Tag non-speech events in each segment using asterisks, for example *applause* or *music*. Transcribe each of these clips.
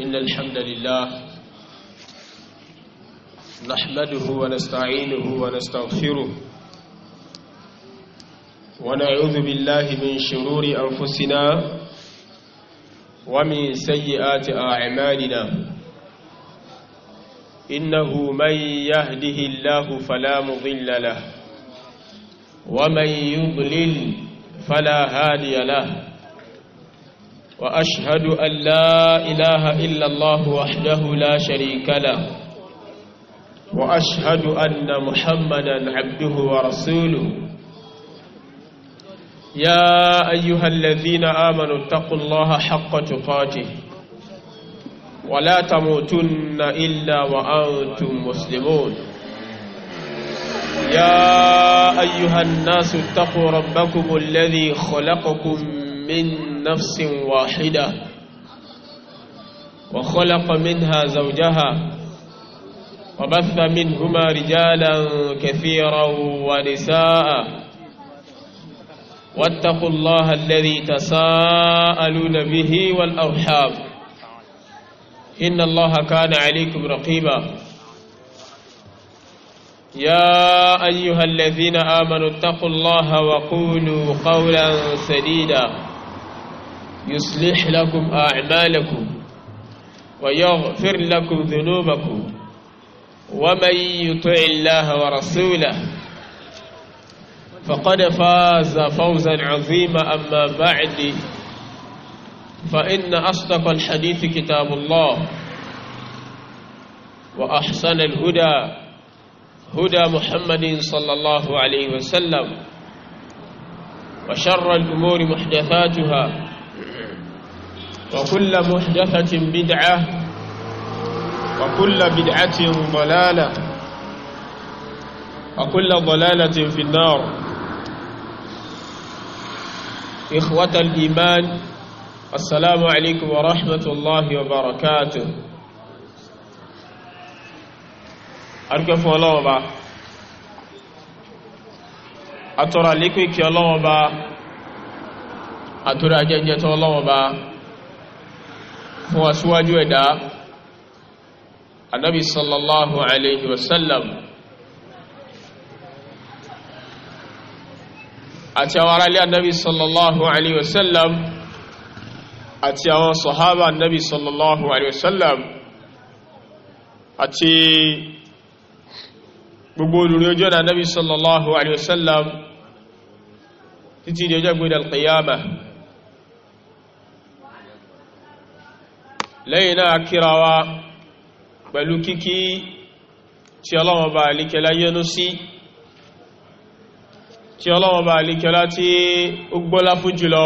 إن الحمد لله نحمده ونستعينه ونستغفره ونعوذ بالله من شرور أنفسنا ومن سيئات أعمالنا إنه من يهده الله فلا مضل له ومن يضلل فلا هادي له وأشهد أن لا إله إلا الله وحده لا شريك له وأشهد أن محمدا عبده ورسوله يا أيها الذين آمنوا اتقوا الله حق تقاته ولا تموتن إلا وأنتم مسلمون يا أيها الناس اتقوا ربكم الذي خلقكم من نفس واحدة وخلق منها زوجها وبث منهما رجالا كثيرا ونساء واتقوا الله الذي تساءلون به والأرحام إن الله كان عليكم رقيبا يا أيها الذين آمنوا اتقوا الله وقولوا قولا سديدا يصلح لكم أعمالكم ويغفر لكم ذنوبكم ومن يطع الله ورسوله فقد فاز فوزا عظيما أما بعد فإن أصدق الحديث كتاب الله وأحسن الهدى هدى محمد صلى الله عليه وسلم وشر الأمور محدثاتها وكل محدثة بدعة وكل بدعة ضلالة وكل ضلالة في النار إخوة الإيمان السلام عليكم ورحمة الله وبركاته أركف الله وبا أترى لكم كي الله وبا أترى جنجة الله وبا fún aṣíwájú ẹ̀dá anábi sallallahu alayhi wasallam àti àwọn aráalé anábi sallallahu alayhi wasallam àti àwọn sọ̀hábà anábi sallallahu alayhi wasallam àti gbogbo olùrí ojú ọ̀nà anábi sallallahu alayhi wasallam títí di ọjọ́ gbé dal qiyamah lẹ́yìn náà kíra wa pẹ̀lú kíkí tí ọlọ́wọ́n bá àlíkẹ́lá yẹnu sí tí ọlọ́wọ́n bá àlíkẹ́lá tí ó gbọ́lá fún jùlọ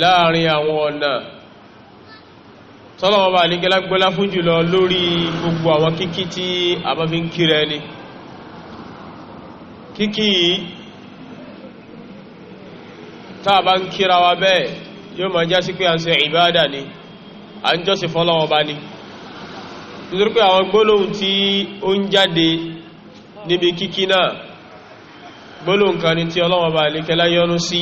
láàrin àwọn ọ̀nà tọ́lọ́wọ́n bá àlíkẹ́lá gbọ́lá fún jùlọ lórí gbogbo àwọn kíkí tí a bá fi ń kíra ẹni bá ń kíra wa bẹ́ẹ̀ yóò máa jásí pé à ń ṣe ìbáadà ni à ń jọ́sìn fọ́lọ́wọ́ bá ní nítorí pé àwọn gbólóhùn tí ó ń jáde níbi kíkí náà gbólóhùn kan ní tí ọlọ́wọ́ bá àlékẹ́lá yọ́nú sí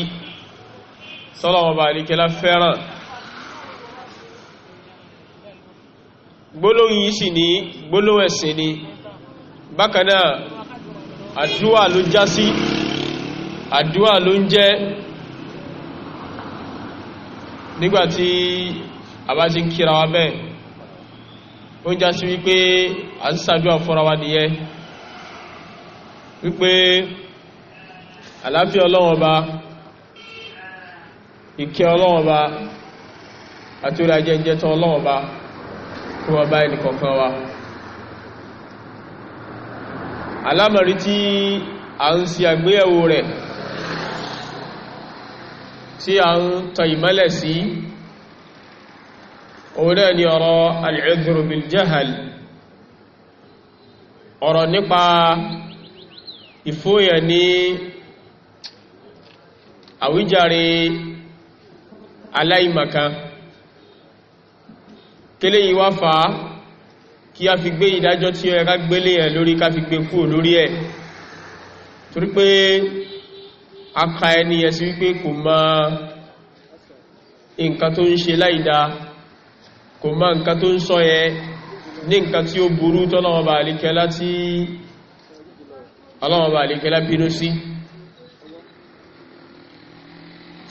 sọ́lọ́wọ́ bá àlékẹ́lá fẹ́ràn gbólóhùn yìí sì ní gbólóhùn ẹ̀sìn ni bákan náà àdúà ló jásí àdúà ló ń jẹ́ nígbàtí àbájí ń kíra wa bẹ́ẹ̀ ó ń já wípé a ń fúnra wa nìyẹn wípé àláfíà ọlọ́wọ́n ba ìkẹ́ ọlọ́wọ́n ba àti orí ajẹ́jẹ́ tán ọlọ́wọ́n ba kí wọ́n kọ̀ọ̀kan wa alámọ̀rí tí a ń ṣe àgbéyẹ̀wò rẹ̀ tí a ń tọ ìmọ́lẹ̀ sí òun náà ni ọ̀rọ̀ al-udhru bil jahl ọ̀rọ̀ nípa ìfóyẹ̀ ní àwíjàre aláìmọ̀kan kílé ìwá fa kí a fi gbé ìdájọ́ tí ó yẹ gbélé ẹ̀ lórí ká fi gbé kú lórí ẹ̀ torí aka ẹni ẹ̀sí wípé kò mọ̀ nǹkan tó ń ṣe láìdá kò mọ̀ nǹkan tó ń sọ yẹ ní nǹkan tí ó burú tọ́lọ́wọ́ba àríkẹ́lá tí ọlọ́wọ́ba àríkẹ́lá bínú sí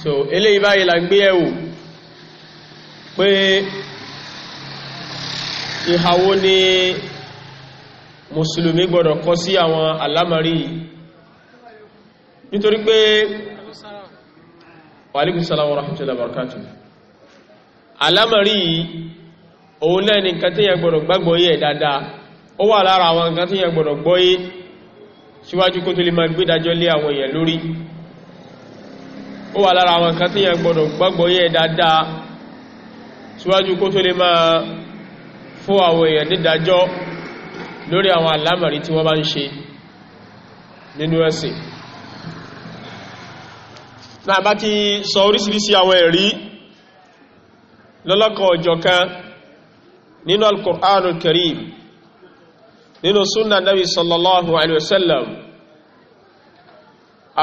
so eléyìí báyìí la gbé ẹ̀wò pé ìhàwó ni mùsùlùmí gbọ́dọ̀ kọ sí àwọn alámàrí nítorí pé wàlíkù sálàmù rahmatullahi barakatu alámàrí òun náà ni nǹkan tí yẹn gbọ́dọ̀ gbàgbọ́ yẹ dáadáa ó wà lára àwọn nǹkan tí yẹn gbọ́dọ̀ gbọ́ yé síwájú kó tó lè máa gbédájọ́ lé àwọn èèyàn lórí ó wà lára àwọn nǹkan tí yẹn gbọ́dọ̀ gbàgbọ́ yẹ dáadáa síwájú kó tó lè máa fún àwọn èèyàn nídájọ́ lórí àwọn alámàrí tí wọ́n bá ń ṣe nínú ẹ̀sìn náà bá ti sọ orísìírísìí àwọn ẹ̀rí lọ́lọ́kan ọ̀jọ̀kan nínú al-Qur'anul Karim nínú súnà nabi sallallahu alaihi wasallam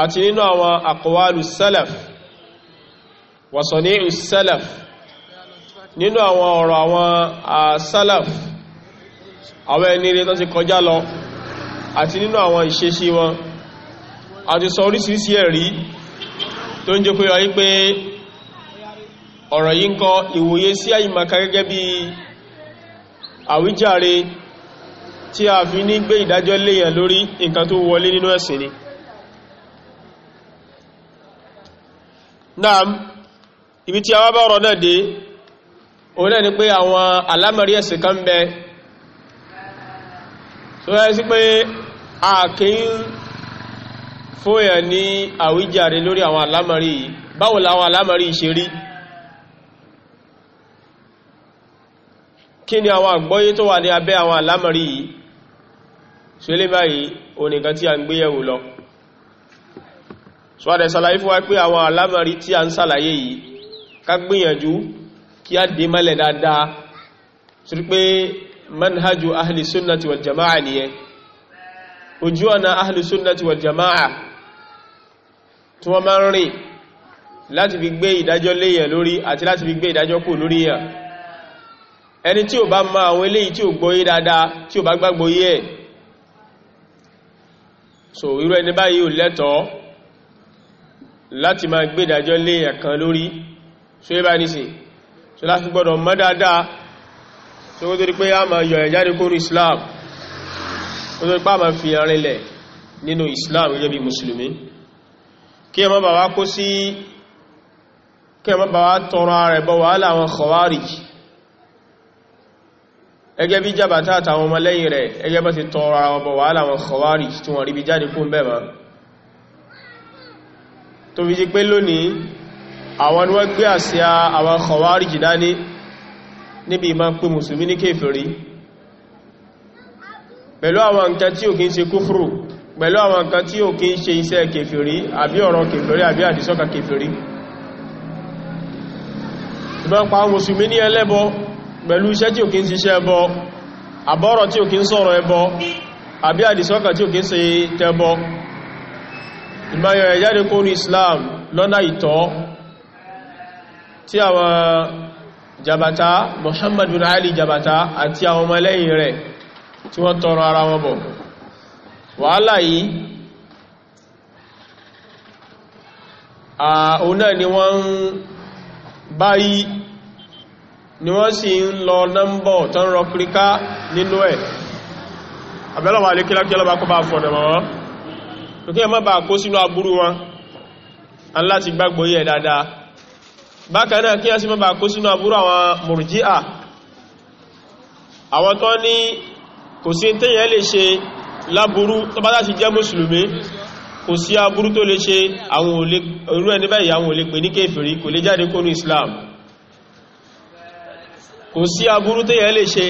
àti nínú àwọn aqwalu salaf wa sani'u salaf nínú àwọn ọ̀rọ̀ àwọn salaf àwọn ẹni rere tó ti kọjá lọ àti nínú àwọn ìṣesí wọn àti sọ orísìírísìí ẹ̀rí tó ń jẹ́ kó yọ wípé ọ̀rọ̀ yìí ń kọ ìwòye sí àyímaka gẹ́gẹ́ bí àwíjàre tí a fi ní gbé ìdájọ́ léyàn lórí nǹkan tó wọlé nínú ẹ̀sìn ni naam ibi tí a wá bá ọ̀rọ̀ náà dé òun náà ni pé àwọn alámọ̀rí ẹ̀sìn kan bẹ tó yẹ sí pé a kìí fóyà ní àwíjàre lórí àwọn alámàrí yìí báwo láwọn alámàrí ṣe rí kí ni àwọn àgbọ́yé tó wà ní abẹ́ àwọn alámàrí yìí ṣe báyìí onìkan tí a ń gbéyẹ̀wò lọ ṣwádẹ̀ sàlàyé fún wa pé àwọn alámàrí tí a ń sàlàyé yìí ká gbìyànjú kí a dé mẹ́lẹ̀ dáadáa sí pé manhajú ahli sunnati wal jama'a nìyẹn ojú ọ̀nà ahli sunnati wal jama'a tí wọ́n bá ń rìn láti fi gbé ìdájọ́ léyàn lórí àti láti fi gbé ìdájọ́ kù lórí yàn ẹni tí ò bá ma àwọn eléyìí tí ò gbọ́yé dáadáa tí ò bá gbàgbọ́yé ẹ̀ so irú ẹni báyìí ò lẹ́tọ̀ọ́ láti máa gbé ìdájọ́ léyàn kan lórí so yẹ́ bá ní sí so láti gbọ́dọ̀ mọ̀ dáadáa so ó torí pé a máa yọ ẹ̀jáde kóró Islam ó torí pé a máa fi àrinlẹ̀ nínú Islam gẹ́gẹ́ bí mùsùlùmí kí ẹ má bà wá kó sí kí ẹ má bà wá tọrọ ààrẹ bọ́ wàhálà àwọn Khawarij ẹgẹ́ bí jàbátá àtàwọn ọmọlẹ́yìn rẹ̀ ẹgẹ́ bá ti tọrọ àwọn bọ̀ wàhálà àwọn Khawarij tí wọ́n rí bí jáde kún bẹ́ẹ̀ tó fi jí pé lónìí àwọn wọ́n gbé àsíá àwọn Khawarij dání níbi ìmá pé mùsùlùmí ní kéfèrí pẹ̀lú àwọn nǹkan tí ó kí ń ṣe iṣẹ́ kèfèrí àbí ọ̀rọ̀ kèfèrí àbí àdìsọ́kà kèfèrí ìbọ́npa mùsùlùmí ní ẹlẹ́bọ pẹ̀lú iṣẹ́ tí ó kí ń ṣiṣẹ́ ẹbọ àbọ́rọ̀ tí ó kí ń sọ̀rọ̀ ẹbọ àbí àdìsọ́kà tí ó kí ń ṣe tẹbọ ìmáyọ̀ ẹ̀jáde kó ní Islam lọ́nà ìtọ́ tí àwọn jabata Muhammad bin Ali jabata àti àwọn ọmọ ẹlẹ́yìn rẹ̀ tí wọ́n tọrọ ara wọn bọ̀ wàhálà yìí òun náà ni wọ́n ń báyí ni wọ́n sì ń lọ nọ́mbọ̀ tó ń rọ kíríká nínú ẹ̀ àbẹ́lọ́wà lè kí lápẹ́ ọlọ́bà kó bá fọ̀nà mọ́ wọn lókè ẹmọ́ bá kó sínú agbúrú wọn aláti gbàgbọ́ yẹ dáadáa bákan kí a sí mọ́ bá kó sínú agbúrú àwọn mùrùjíà àwọn tó ní kò sí tẹ́yẹ lè ṣe láburú tó bá láti jẹ́ mùsùlùmí kò sí aburú tó lè ṣe àwọn olè orú ẹni báyìí àwọn olè pè ní kéfèrí kò lè jáde kónú Islam kò sí aburú téyàn lè ṣe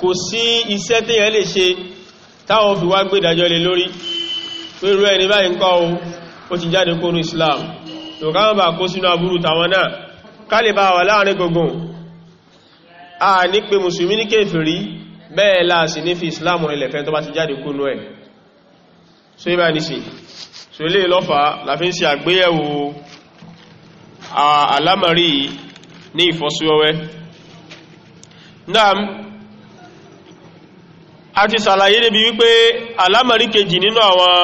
kò sí iṣẹ́ téyàn lè ṣe táwọn fi wá gbé ìdájọ́ lé lórí pé ẹni báyìí ńkọ́ o ó ti jáde kónú Islam tó káwọn bá kó sínú aburú tàwọn náà ká lè bá wà láàrin gbogbo a ní pé mùsùlùmí ní kéfèrí bẹ́ẹ̀ láàsì ní fi islam rinlẹ̀ fẹ́ tó bá ti jáde kúrò ẹ̀ so ibá ní sí so ilé lọ́fà láfí ń ṣe àgbéyẹ̀wò alámàrí ní ìfọ́síwẹ́wẹ́ náà a ti sàlàyé níbi wípé alámàrí kejì nínú àwọn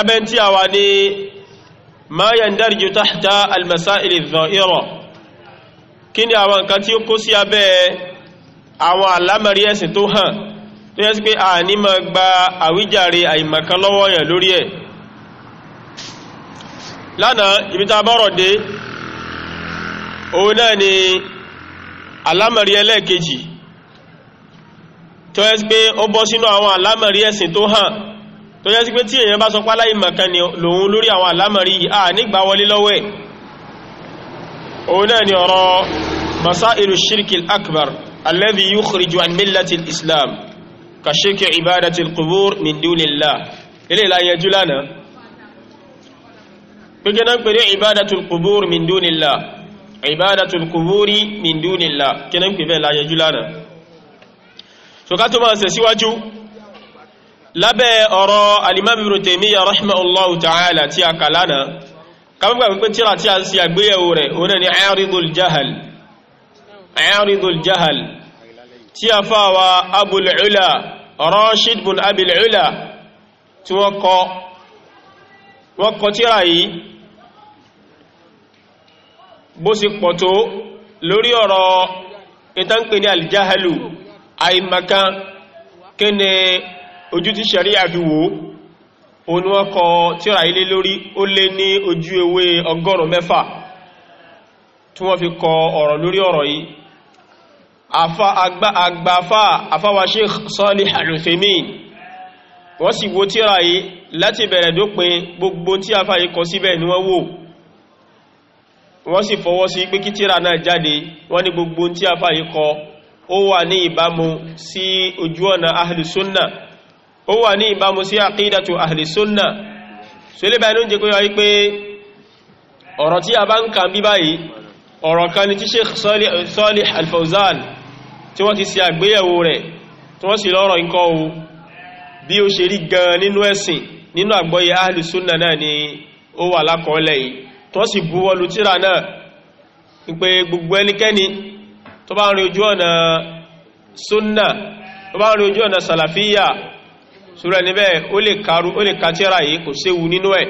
ẹbẹ́ tí a wà ní ma yandarju tahta almasail adh-dha'ira kí ni àwọn nǹkan tí ó kó sí abẹ́ àwọn àlámẹ̀rí ẹ̀sìn tó hàn tó yẹ sí pé a ní máa gba àwíjàre àìmọ̀kan lọ́wọ́ yẹn lórí ẹ̀ lánàá ibi tá a bọ́rọ̀ dé òun náà ni àlámẹ̀rí ẹlẹ́ẹ̀kejì tó yẹ sí pé ó bọ́ sínú àwọn àlámẹ̀rí ẹ̀sìn tó hàn tó yẹ sí pé tí èèyàn bá sọ pálá ìmọ̀kan ni lòun lórí àwọn àlámẹ̀rí yìí a nígbà wọlé lọ́wọ́ ẹ̀ òun náà ni ọ̀rọ̀ masailu shirkil akbar الذي يخرج عن ملة الإسلام كشرك عبادة القبور من دون الله إلي لا يجلنا بجنا نقول عبادة القبور من دون الله عبادة القبور من دون الله كنا نقول لا يجلنا سوكاتو ما سيواجو lábẹ́ ọ̀rọ̀ Al-Imam Ibn Taymiyyah rahimahullahu ta'ala tí a kà lánàá kàmúgbà pípẹ́ tíra a ń ṣe àgbéyẹ̀wò rẹ̀ òun náà ni àyàrídùl jahal tí a fáwa abúlùlá rashid bin abúlùlá tí wọ́n kọ wọ́n kọ tírà yìí bó sì pọ̀ tó lórí ọ̀rọ̀ ìtànkì ní aljahalu àìmọ̀kan kí ni ojú ti ṣẹ̀rí àdúwò òun wọ́n kọ tírà ilé lórí ó lé ní ojú ewé ọgọ́rùn mẹ́fà tí wọ́n fi kọ ọ̀rọ̀ lórí ọ̀rọ̀ yìí àfà àgbàfà àfáwà Sheikh Salih Al-Uthaymeen wọ́n sì wo tíra yìí láti bẹ̀rẹ̀ dópin gbogbo tí àfà yìí kọ síbẹ̀ ni wọ́n wò wọ́n sì fọwọ́ sí pé kí tíra náà jáde wọ́n ní gbogbo tí àfà yìí kọ ó wà ní ìbámu sí ojú ọ̀nà ahli sunna ó wà ní ìbámu sí àkídàtù ahli sunna so ilé báyìí ló ń jẹ́ kó yọ wípé ọ̀rọ̀ tí a bá ń kàn kan ni tí Sheikh Salih Al-Fawzan tí wọ́n ti ṣe àgbéyẹ̀wò rẹ̀ tí wọ́n sì lọ́rọ̀ nǹkan o bí ó ṣe rí gan nínú ẹ̀sìn nínú àgbọ́yé ahlu sunna náà ni ó wà lákọọ́lẹ̀ yìí tí wọ́n sì buwọ́lu tíra náà pé gbogbo ẹnikẹ́ni tó bá rin ojú ọ̀nà sunna tó bá rin ojú ọ̀nà sàlàfíyà sùrẹ̀ níbẹ̀ ó lè ka tíra yìí kò séwu nínú ẹ̀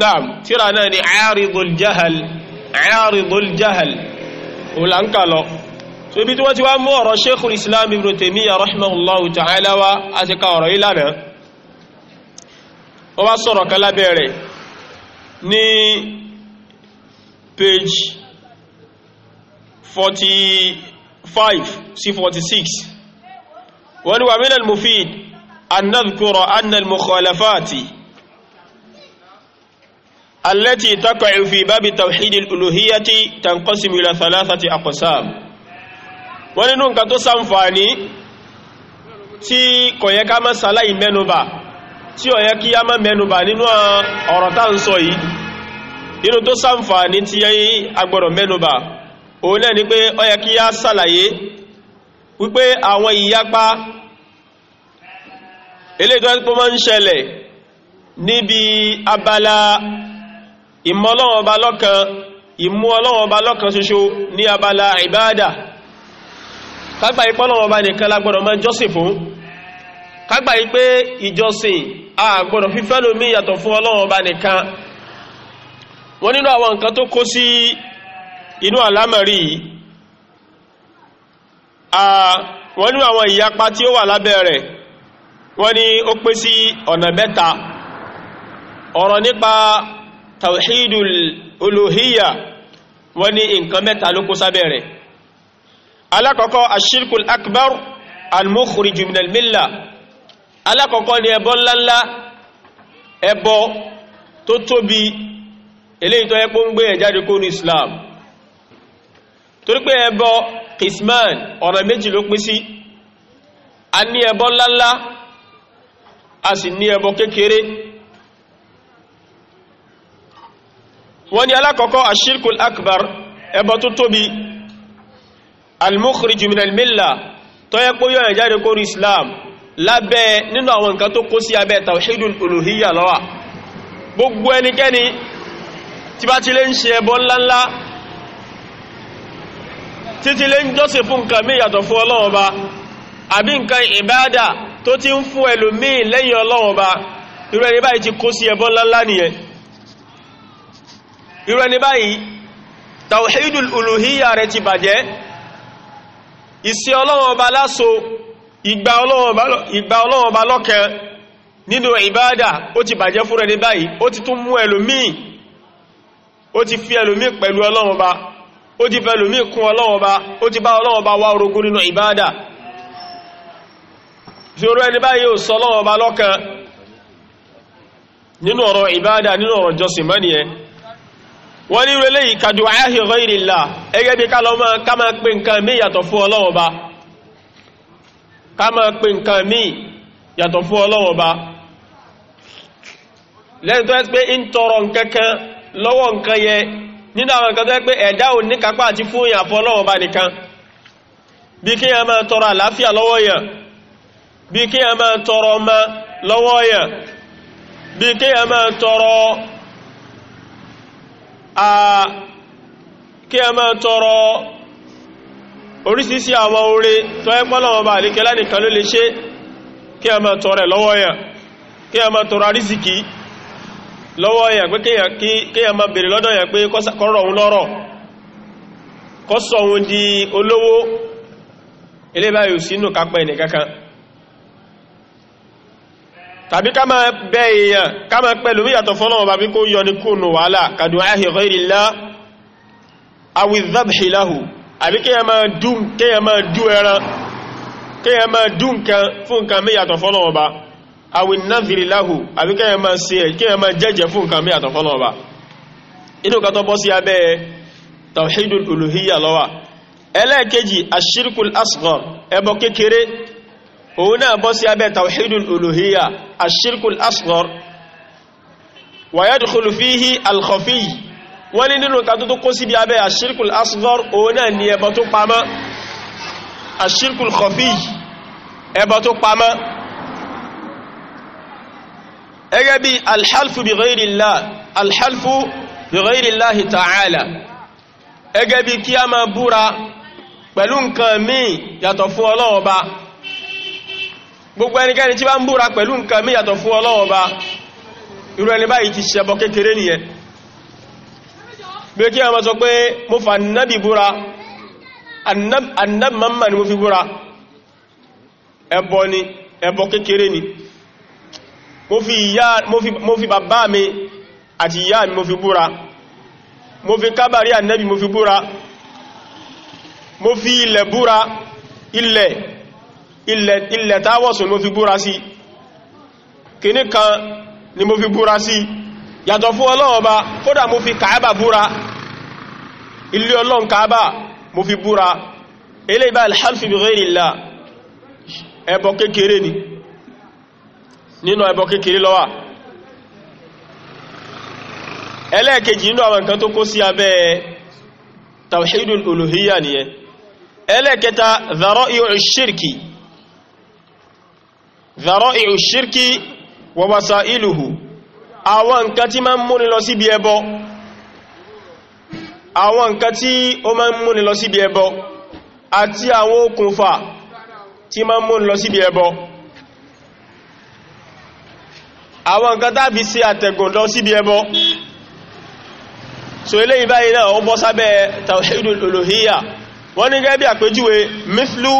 náà tíra náà ni aaridul jahal aaridul jahal ò là lọ so ibi tí wọ́n ti wá mú ọ̀rọ̀ sheikhul islam ibn taymiyyah rahimahullahu ta'ala wa a ti ka ọ̀rọ̀ yìí wọ́n wá sọ̀rọ̀ kan lábẹ́ ní page 45 sí 46 wọ́n ni wà min al-mufid an nadhkura mukhalafati التي تقع في باب توحيد الألوهية تنقسم إلى ثلاثة أقسام wọ́n nínú nǹkan tó sàǹfààní tí kò yẹ ká má sàláì mẹ́nubà tí ó yẹ kí a má mẹ́nubà nínú ọ̀rọ̀ tá ń sọ yìí nínú tó sàǹfààní tí agbọ̀rọ̀ mẹ́nubà òun náà ni pé ó kí a sàlàyé wípé àwọn ìyapa eléyìí tó máa ń ṣẹlẹ̀ níbi abala ìmọ̀ Ọlọ́run ọba lọ́kan ìmú Ọlọ́run lọ́kan ṣoṣo ní abala ìbáàdà kágbà ipọ́ lọ́wọ́ bá nìkan lágbọ́dọ̀ máa jọ́sìn fún kágbà ipé ìjọsìn àgbọ́dọ̀ fífẹ́ lómi yàtọ̀ fún Ọlọ́run bá nìkan wọ́n nínú àwọn nǹkan tó kó sí inú àlámọ̀rí wọ́n nínú àwọn ìyapa tí ó wà lábẹ́ rẹ̀ wọ́n ní ó pé sí ọ̀nà mẹ́ta ọ̀rọ̀ alákọ̀ọ́kọ́ ashirkul akbar al-mukhriju min al-milla alákọ̀ọ́kọ́ ni ẹbọ ńláńlá ẹbọ tó tóbi eléyìí tó yẹ kó ń gbé ẹ̀ jáde kó ní islam torí pé ẹbọ qisman ọ̀nà méjì ló pín sí a ní ẹbọ ńláńlá a sì ní ẹbọ kékeré wọ́n ní alákọ̀ọ́kọ́ ashirkul akbar ẹbọ tó tóbi al-mukhrij min al-milla tó yẹ pé yọ̀yàn jáde kórí islam lábẹ́ nínú àwọn nǹkan tó kó sí abẹ́ tawhidul uluhiyya lọ́wà gbogbo ẹnikẹ́ni tí bá ti lè ń ṣe ẹbọ ńláńlá títí lè ń jọ́sìn fún nǹkan mí yàtọ̀ fún Ọlọ́run Ọba àbí nǹkan ìbáadà tó ti ń fún ẹlòmíì lẹ́yìn Ọlọ́run Ọba irú ẹni báyìí ti kó sí ẹbọ ńláńlá nìyẹn irú ẹni báyìí tawhidul uluhiyya rẹ̀ ti bàjẹ́ isi ọlọ́wọ́n ọba láso ìgbà ọlọ́wọ́n ọba lọ́kàn nínú ìbáadà ó ti bàjẹ́ fún ẹni báyìí ó ti tún mú ẹlòmíì ó ti fi ẹlòmíì pẹ̀lú ọlọ́wọ́n ọba ó ti fẹ́ kún ti bá wọ́n ní relé yìí kàdù àyàhì ọ̀rẹ́rìnlá ẹgẹ́ bí ká máa pè nǹkan mí yàtọ̀ fún Ọlọ́run ba ká máa pè nǹkan mí yàtọ̀ fún Ọlọ́run ba lẹ́yìn tó ẹ́ pé ń tọrọ nkankan lọ́wọ́ nkan yẹ nínú àwọn nkan tó ẹ́ pé ẹ̀dá ò ní kápá àti fún yàn fún Ọlọ́run ba nìkan bí kí yàn máa tọrọ àlàáfíà lọ́wọ́ yàn bí kí yàn máa tọrọ ọmọ lọ́wọ́ yàn bí kí yàn máa tọrọ a kí a máa tọrọ orísìírísìí àwọn oore tó ẹ́ pọ́lọ̀wọ́ bá àríkẹ́ lánìkan ló lè ṣe kí a máa tọrọ ẹ̀ lọ́wọ́ yà kí a máa tọrọ àrísìkí lọ́wọ́ yà kí a máa bèèrè lọ́dọ̀ yà pé kọ́rọ̀ òun lọ́rọ̀ kọ́sọ̀ òun di olówó ilé báyìí sínú kápẹ́ ẹnì kankan tàbí ká máa bẹ èèyàn ká máa pẹ̀lú mí yàtọ̀ fọ́lọ́wọ́ bàbí kó yọ ní kóònù wàhálà kàdùnmáhì ghayrillah awi dhabhi lahu àbí kéèyàn máa dùn kéèyàn máa dùn ẹran kéèyàn máa dùn kan lahu àbí kéèyàn máa ṣe kéèyàn máa jẹ́jẹ́ fún nǹkan mí yàtọ̀ fọ́lọ́wọ́ bá inú kan tó bọ́ sí abẹ́ tawhidul uluhiyya lọ́wà òun náà bọ́ sí abẹ́ tawhidul uluhiyya ashirkul asghar wa yadkhulu fihi al-khafi wọ́n ní nínú kan tó kó sí bí abẹ́ ashirkul asghar òun náà ni ẹbọ tó pamọ́ ashirkul khafi ẹbọ tó pamọ́ ẹgẹ́ bí alhalfu bi ghayrillah ta'ala ẹgẹ́ bí kí a máa búra pẹ̀lú nǹkan míì yàtọ̀ fún Ọlọ́run gbogbo ẹnikẹ́ni tí bá ń búra pẹ̀lú nǹkan mí yàtọ̀ fún Ọlọ́run Ọba irú ẹni báyìí ti ṣẹbọ kékeré nìyẹn bí kí ọmọ sọ pé mo fà nábì búra annab mamma ni mo fi búra ẹbọ ni ẹbọ kékeré ni mo fi bàbá mi àti ìyá mi mo fi búra mo fi kábàrí annabi mo fi búra mo fi ilẹ̀ búra ilẹ̀ ilẹ̀ táwọ̀sùn mo fi búra sí kìní kan ni mo fi búra sí yàtọ̀ fún ọlọ́run ba kódà mo fi kàábà búra ilé ọlọ́run kàábà mo fi búra ilé ìbá alhalfi bi ẹbọ kékeré ni nínú ẹbọ kékeré lọ́wà ẹlẹ́ẹ̀kejì nínú àwọn nǹkan tó kó sí abẹ́ tawhidul uluhiyya nìyẹn ẹlẹ́ẹ̀kẹta dhara'i'u shirki dhara'i'u shirki wa wasailuhu àwọn nǹkan tí ma ń múni lọ síbi ẹbọ àwọn nǹkan tí ó ma ń múni lọ síbi ẹbọ àti àwọn okùnfà tí ma ń múni lọ síbi ẹbọ àwọn nǹkan tàbí sí àtẹ̀gùn lọ síbi ẹbọ so eléyìí báyìí náà ó bọ́ sábẹ́ tawhidul uluhiyya wọ́n ní gẹ́gẹ́ bí mithlu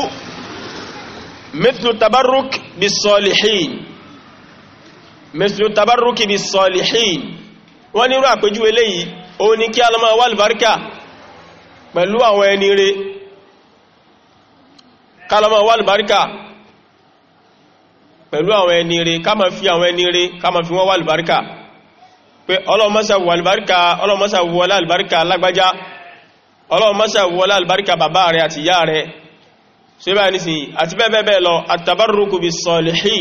mithlu tabarruk bis-salihin mithlu tabarruk bis-salihin wọ́n nírú àpéjú eléyìí ó ní kí alọ́mọ wà lùbáríkà pẹ̀lú àwọn ẹni rẹ̀ kálọ́mọ wà lùbáríkà pẹ̀lú àwọn ẹni rẹ̀ ká ma fi àwọn ẹni rẹ̀ ká ma fi wọ́n wà lùbáríkà pé ọlọ́mọ́sà wọ alìbáríkà lágbájá ọlọ́mọ́sà wọlá alìbáríkà bàbá rẹ̀ àti ìyá rẹ̀ ṣe bá nísìnyí àti bẹ́ẹ̀bẹ́ẹ̀ lọ àtàbárùkù bí sọ̀lẹ̀hì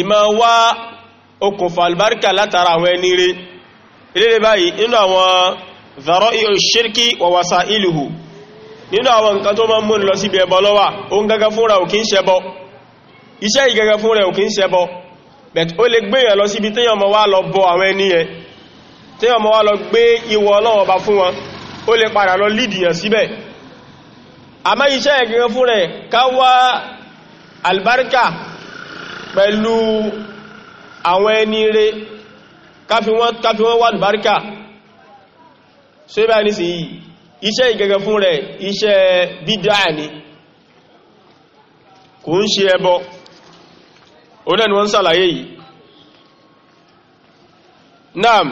ìmọ̀ wá okùnfà albáríkà látara àwọn ẹni rí ilé báyìí nínú àwọn zọrọ iyo ṣírkì wàwàsá ìlúhù nínú àwọn nǹkan tó máa mún lọ síbi ẹbọ lọ́wà ó ń gaga fúnra òkín ṣẹbọ iṣẹ́ ìgaga fúnra òkín ṣẹbọ bẹ̀t ó lè gbé yàn lọ síbi téyàn mọ́ wá lọ bọ àwọn ẹni yẹn téyàn mọ́ wá lọ gbé ìwọ ọlọ́wọ́ bá fún wọn ó lè padà lọ lídìyàn síbẹ̀ àmá iṣẹ́ ẹ̀gẹ̀gẹ̀ fún rẹ̀ ká wá albarka pẹ̀lú àwọn ẹni rẹ̀ káfí wọ́n wá albarka ṣe bá ní sí iṣẹ́ ìgẹ̀gẹ̀ fún rẹ̀ iṣẹ́ bídá ní kò ń ṣe ẹbọ onẹ́ni wọ́n sàlàyé yìí naam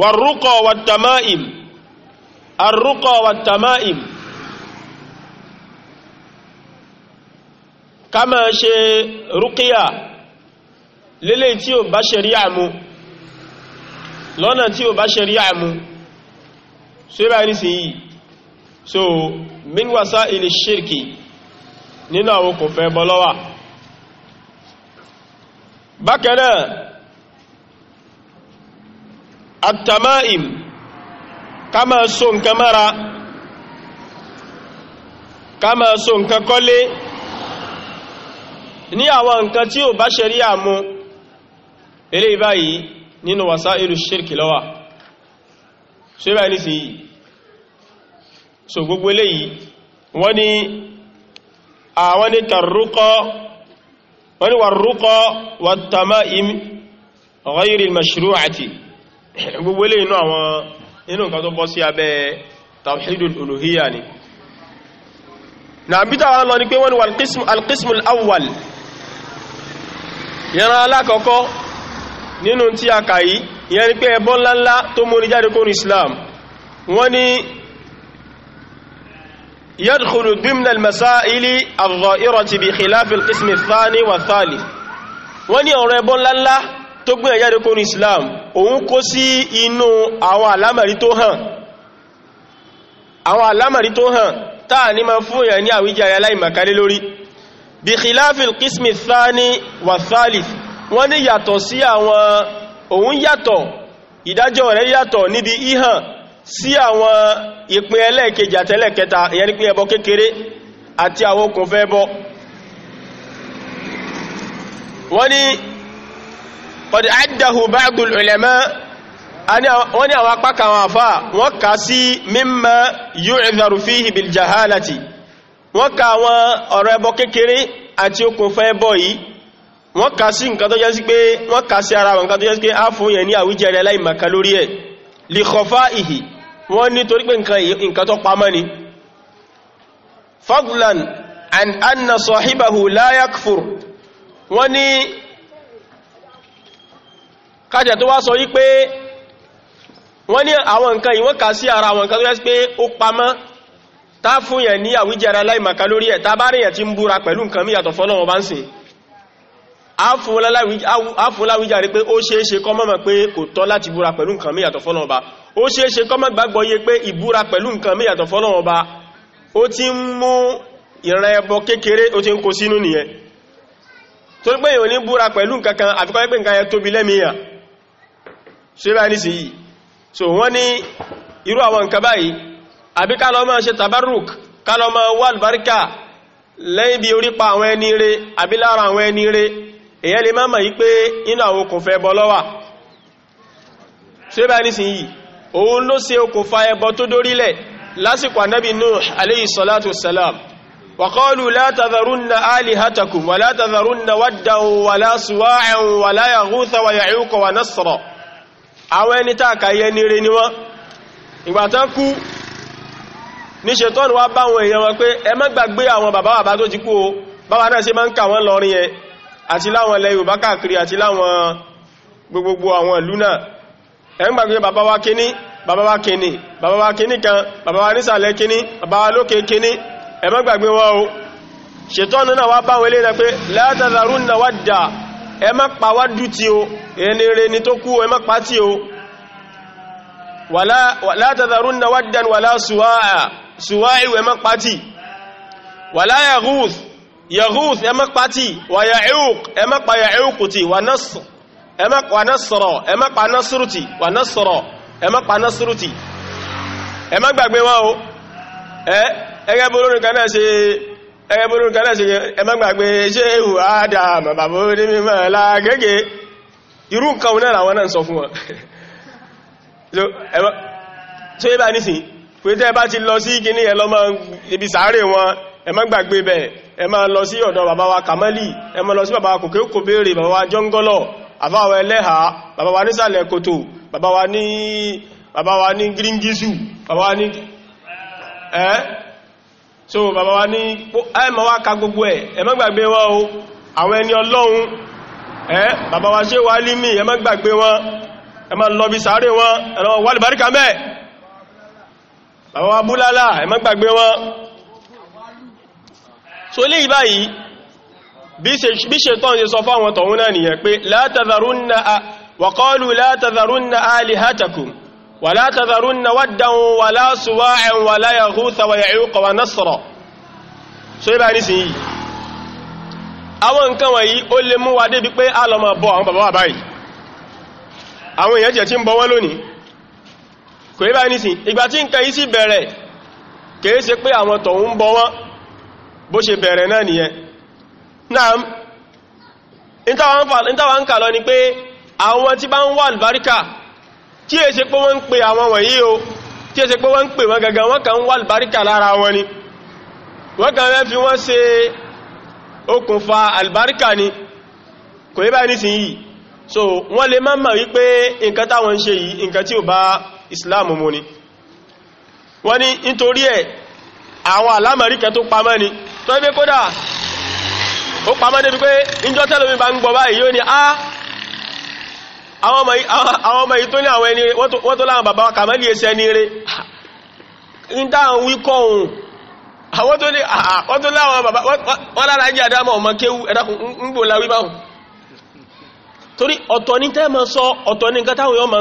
warruqa wat tamaim arruqa Kama máa ṣe rúkíyà lélẹ̀ tí ò bá ṣẹ̀ríà mu lọ́nà tí ò bá ṣẹ̀ríà mu so yíba ní sí yìí so min wasa'il shirki nínú àwọn kò fẹ́ bọ́lọ́wà bákan náà àtàmáìm so nǹkan mara so nǹkan ní àwọn nǹkan tí ò bá ṣẹ̀ríà mu eléyìí báyìí nínú wasailu ṣírkì ló wà ṣe báyìí nísìnyí so gbogbo eléyìí wọ́n ni àwọn ni tàrúkọ wọ́n ni wàrúkọ wàtàmá im ghayri al-mashru'ati gbogbo eléyìí inú àwọn inú nǹkan tó bọ́ sí abẹ́ tawhidul uluhiyya ni ni ìran alákọ̀ọ́kọ́ nínú tí a kà yìí ìyẹn ni pé ẹbọ ńláńlá tó mórí jáde kó ní Islam wọ́n ni yadkhulu dimna al-masaili adh-dha'irati bi khilaf al-qism ath-thani wa ath-thalith wọ́n ni ọ̀rọ̀ ẹbọ ńláńlá tó gbé jáde kó ní Islam òun kó sí inú àwọn àlámàrí tó hàn táà ní ma fún èèyàn ní àwíjẹ́ ayáláìmàkálé lórí bí khilafil qismi thani wa thalith wọ́n ní yàtọ̀ sí àwọn òun yàtọ̀ ìdájọ́ rẹ̀ yàtọ̀ níbi ìhàn sí àwọn ìpín ẹlẹ́ẹ̀kejì àtẹ́lẹ̀kẹta ìyẹn ni pé ẹbọ kékeré àti àwọn okùnfẹ́ bọ́ wọ́n ní qad addahu ba'dul ulama wọ́n ní àwọn apákan àwọn àfáà wọ́n kà sí mimma yu'dharu fihi bil jahalati wọ́n ka àwọn ọ̀rọ̀ ẹbọ kékeré àti okùnfà ẹbọ yìí wọ́n ka sí nǹkan tó jẹ́ sí pé wọ́n ka sí ara wọn nǹkan tó jẹ́ sí pé á fún yẹn ní àwíjẹrẹ aláìmọ̀ká lórí ẹ̀ lè ìhì wọ́n ní torí pé nǹkan tó pamọ́ ni fadlan an anna sahibahu la yakfur wọ́n ní kájà tó wá sọ yí pé wọ́n ní àwọn nǹkan yìí wọ́n ka sí ara wọn nǹkan tó jẹ́ sí pé ó pamọ́ tá fún yẹn ní àwíjẹra láìmàká lórí ẹ̀ tá bá rí yẹn tí ń búra pẹ̀lú nǹkan mí yàtọ̀ fọ́lọ́wọ́ bá ń sìn áfúnláwíjàre pé ó ṣeé ṣe kọ́ mọ́mọ̀ pé kò tọ́ láti búra pẹ̀lú nǹkan mí yàtọ̀ fọ́lọ́wọ́ bá ó ṣeé ṣe kọ́ mọ́ gbàgbọ́ yé pé ìbúra pẹ̀lú nǹkan mí yàtọ̀ fọ́lọ́wọ́ bá ó ti ń mú ìran ẹbọ kékeré ó ti ń kó sínú nìyẹn torí pé èèyàn ní búra pẹ̀lú nǹkan kan àfikọ́ pé nǹkan yẹn tóbi lẹ́mìíyàn ṣé báyìí nísìnyí so wọ́n ní irú àwọn nǹkan báyìí àbí ká lọ máa ṣe tabarruk ká lọ máa wà lùbáríkà lẹ́yìn bí orípa àwọn ẹni rẹ̀ àbí lára àwọn ẹni rẹ̀ èyẹ́ lè máa mọ̀ yí pé inú àwọn okùnfẹ́ ẹbọ lọ́wà ṣe bá ní òun ló ṣe okùnfà ẹbọ tó dórílẹ̀ lásìkò ànábì Nuh alayhi salatu wassalam وقالوا لا تذرن آلهتكم ولا تذرن ودا ولا سواعا ولا يغوث ويعوق ونصر àwọn ẹni tá a kà yẹ ni wọ́n ìgbà tán kú ní ṣetọ́nù wá bá àwọn èèyàn wọn pé ẹ má gbàgbé àwọn bàbá bàbá tó ti kú o bàbá náà ṣe máa ń kà wọ́n lọ́rin ẹ àti láwọn ilẹ̀ Yorùbá káàkiri àti láwọn gbogbogbò àwọn ìlú náà ẹ ń gbàgbé bàbá wa kíní bàbá wa kíní bàbá wa kíní kan bàbá wa nísàlẹ̀ la tadharunna wadda ẹ má pa wá dú ti o ẹni rẹ ni tó kú ẹ má wala tadharunna Suwail ẹ má pàtì wàlá Yaghouth Yaghouth ẹ má pàtì wà Ya'uq ẹ má pa Ya'uq tì wà Nasr ẹ má pa Nasr ẹ má pa Nasr tì wà Nasr ẹ má pa Nasr tì ẹ má gbàgbé wọn o ẹ ẹgẹ́ bolórin kan náà ṣe ẹgẹ́ bolórin kan náà ṣe ẹ má gbàgbé ṣé ìhù Adam bàbá orí mímọ́ la gẹ́gẹ́ irú nǹkan náà làwọn náà sọ fún wọn *laughs* so ẹ má so ẹ bá nísìnyí pé tẹ́ bá ti lọ sí kíní ẹ lọ máa ibi sàárè wọn ẹ má gbàgbé bẹ̀ ẹ máa lọ sí ọ̀dọ̀ bàbá wa kàmálì ẹ máa lọ sí bàbá wa kòkè kò béèrè bàbá wa jọ́ngọ́lọ̀ àfáà wa ẹlẹ́hà bàbá wa nísàlẹ̀ kòtò bàbá wa ní bàbá wa ní gíríngísù bàbá wa ní ẹ́ so bàbá wa ní ẹ máa wá ka gbogbo ẹ̀ ẹ má gbàgbé wọn o àwọn ẹni ọlọ́run ẹ́ bàbá wa ṣe wá límì ẹ má gbàgbé wọn ẹ má lọ bí sàárè wọn ẹ̀rọ wà lùbáríkà mẹ́ẹ̀ àwọn abúlálà ẹ̀mọ́ gbàgbé wọn so lè báyìí bí ṣetán ṣe sọ fáwọn tọ̀hún náà nìyẹn pé látàzàrúnnà wàkọ́lù látàzàrúnnà alihatakum wà látàzàrúnnà wádàun wà lásùwá'ẹn wà láyàhúta wà ya'uqa wà nasra so ibà ní sin yìí àwọn nǹkan wọ̀nyí ó lè mú wa débi pé alọ́mọ̀ kò yí bá ní sí ìgbà tí nǹkan yìí sì bẹ̀rẹ̀ kìí ṣe pé àwọn tọ̀hún ń bọ wọ́n bó ṣe bẹ̀rẹ̀ náà nìyẹn náà ìtawà ń kà lọ ni pé àwọn tí bá ń wà àlùbáríkà tí è ṣe pé wọ́n ń pè àwọn wọ̀nyí o tí è ṣe pé wọ́n ń pè wọ́n gangan wọ́n kàn ń wà àlùbáríkà lára wọn ni wọ́n kàn fẹ́ fi wọ́n ṣe okùnfà àlùbáríkà ni kò yí bá ní yìí so wọ́n lè má mọ̀ wípé nǹkan táwọn ń ṣe yìí nǹkan tí ò bá islam mú ni wọ́n ní nítorí ẹ̀ àwọn alámẹ̀ríkẹ́ tó pamọ́ ni tó ẹgbẹ́ kódà ó pamọ́ débi pé ìjọ tẹ́lómi bá ń báyìí yóò àwọn ọmọ yìí tó ní àwọn ẹni wọ́n tó láwọn bàbá kàmẹ́lì ẹsẹ̀ ní eré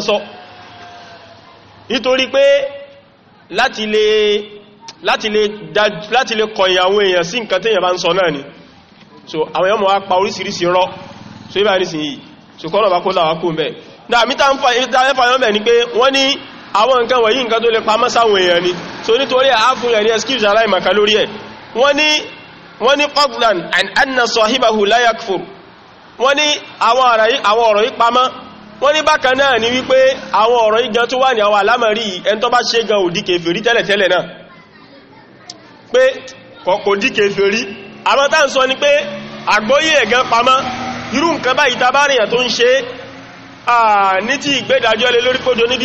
sọ nítorí pé láti lè láti lè láti lè kọ̀yìn àwọn èèyàn sí nǹkan tí èèyàn bá ń sọ náà ni so àwọn èèyàn mọ̀ wá pa orísìírísìí rọ́ so ibà ní sin yìí so kọ́nà bá kó láwá kó mẹ́ náà mítà ń fa ẹfà yọ́ mẹ́ ni pé wọ́n ní àwọn nǹkan wọ̀nyí nǹkan tó lè pa mọ́sáwọn èèyàn ni so nítorí àáfún rẹ̀ ní excuse aláìmọ̀ká lórí ẹ̀ wọ́n ní wọ́n and anna sahibahu la yakfur wọ́n ní àwọn ọ̀rọ̀ yìí wọ́n ní bákan náà ni wípé àwọn ọ̀rọ̀ igan tó wà ní àwọn alámọ̀rí ẹn tó bá ṣe gan òdí kèfèrí tẹ́lẹ̀tẹ́lẹ̀ náà pé kò dí kèfèrí àwọn tá ń sọ ni pé àgbóyé ẹ̀gan pamọ́ irú nǹkan báyìí tabárìyàn tó ń ṣe ní ti ìgbédàjọ́ lé lórí kódo ni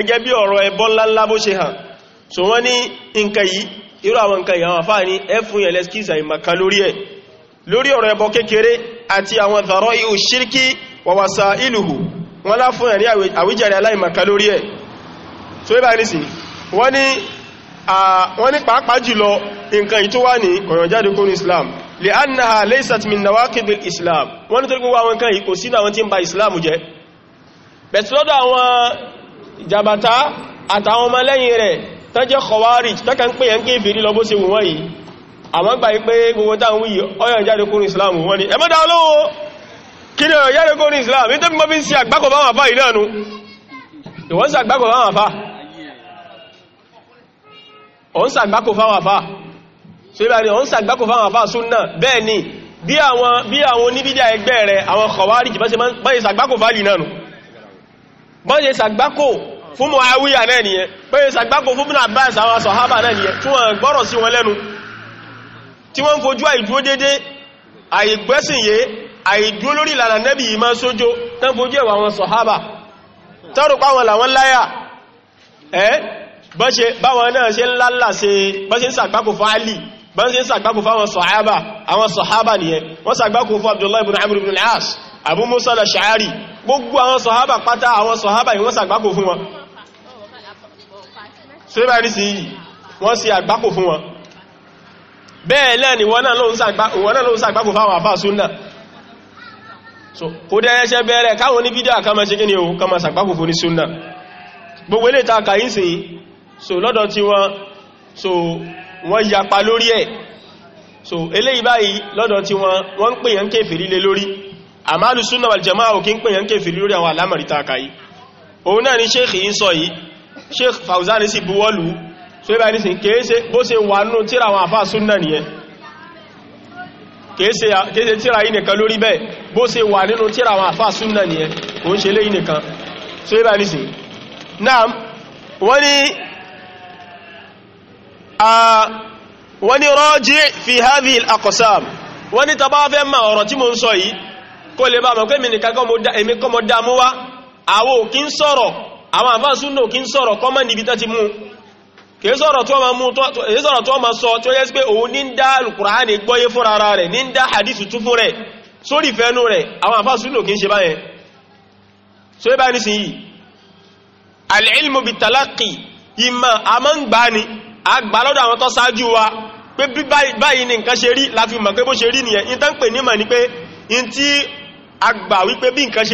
ẹgẹ́ bí ọ̀rọ̀ ẹbọ ńláńlá bó ṣe hàn so irú àwọn nǹkan ìyàwó àfáà ní ẹfún yẹn lẹ́skísà ìmọ̀ká lórí ẹ̀ lórí ọ̀rọ̀ ẹbọ kékeré àti àwọn ìfàrọ́ ihò ṣírkí wàwàsà ìlúhù wọ́n láfún ẹ̀ ní àwíjẹ̀rẹ̀ aláìmọ̀ká lórí ẹ̀ tó ibà ní sí wọ́n ní pàápàá jùlọ nǹkan ìtó wà ní kọ̀yànjáde Islam lè annaha laysat min nawaqidil Islam wọ́n ní tó gbogbo àwọn nǹkan ìkò Islam jẹ́ bẹ̀tí lọ́dọ̀ àwọn ìjàbàtà àtàwọn ọmọ tẹ́jẹ́ khawarij tẹ́kà ń pè yẹn kéfèrí lọ bó ṣe wù wọ́n yìí àwọn gbà pé gbogbo táwọn wuyì ọyọ̀ jáde islam wọ́n ni ẹmọ́dá olówó kí ni ọ̀yọ́ jáde kúrò islam ní tẹ́bí mọ́bí ń sí àgbákò báwọn àfá ìlú ẹnu ìwọ́n sí àgbákò báwọn àfá òun sí àgbákò fáwọn àfá so ibà ni òun sí àgbákò fáwọn àfá súnnà fún Muawiya náà nìyẹn bẹ́ẹ̀ sàgbákò fún Ibn Abbas àwọn sọ̀hábà náà nìyẹn tí wọ́n gbọ́rọ̀ sí wọn lẹ́nu tí wọ́n ń fojú àìdúró dédé àìgbẹ́sìnyé àìdúró lórí ìlànà nẹ́bì yìí máa sójó tán fojú ẹ̀wà àwọn sọ̀hábà tọ́rù páwọn làwọn láyà ẹ́ báwọn náà ṣe ńlá ṣe bọ́ ṣe ń sàgbákò fún Ali bọ́n ṣe ń sàgbákò Abu Musa al-Ash'ari gbogbo àwọn sọ̀hábà pátá àwọn sọ̀hábà yìí wọ́n sàgbákò fún wọn so ibà ní sí wọ́n sí àgbákò fún wọn bẹ́ẹ̀ náà ni wọ́n náà ló ń sàgbákò fáwọn àfáà súnnà so kó dẹ́rẹ́ṣẹ́ bẹ̀rẹ̀ káwọn ní bídá kama ṣe kí ni o kama sàgbákò fún ní súnnà gbogbo ilé ta kàyí sí so lọ́dọ̀ tí wọ́n so wọ́n yapa lórí ẹ̀ so eléyìí báyìí lọ́dọ̀ tí wọ́n wọ́n ń pèyàn kéfèrí lé lórí àmálù súnnà wal jamaa pèyàn kéfèrí lórí àwọn alámọ̀rí ta kàyí òun náà ni ṣéèkì yí sọ yìí Sheikh Fawzan sì buwọ́lù so ibá ní sin kéése bó ṣe wà nínú tíra àwọn àfáà súnnà nìyẹn kéése tíra yìí nìkan lórí bẹ́ẹ̀ bó ṣe wà nínú tíra àwọn àfáà súnnà nìyẹn kò ń ṣe lé yìí nìkan so ibá ní sin náà wọ́n ni wọ́n ni rọ́jí fi hadhihi al-aqsam wọ́n ni ma ọ̀rọ̀ tí mo ń sọ yìí kó lè bá mọ̀ pé mi nìkan kọ́ mo dá mú wá àwọ̀ kí ń sọ̀rọ̀ àwọn àfáàsúnnà kí ń sọ̀rọ̀ kọ́mọ̀ níbi tán ti mú kìí sọ̀rọ̀ tí wọ́n ma sọ tí ó yẹ́ sí pé òun ní ń dá alùkùránì gbọ́yé fún ara rẹ̀ ní ń dá hadithu tún fún rẹ̀ sórí ìfẹ́nú rẹ̀ àwọn àfáàsúnnà kí ń ṣe báyẹn so ẹ bá ní sin yìí alìlmù bí tàlákì ìmọ̀ àmọ́ngbani ni nǹkan ṣe rí láti mọ̀ pé bó ṣe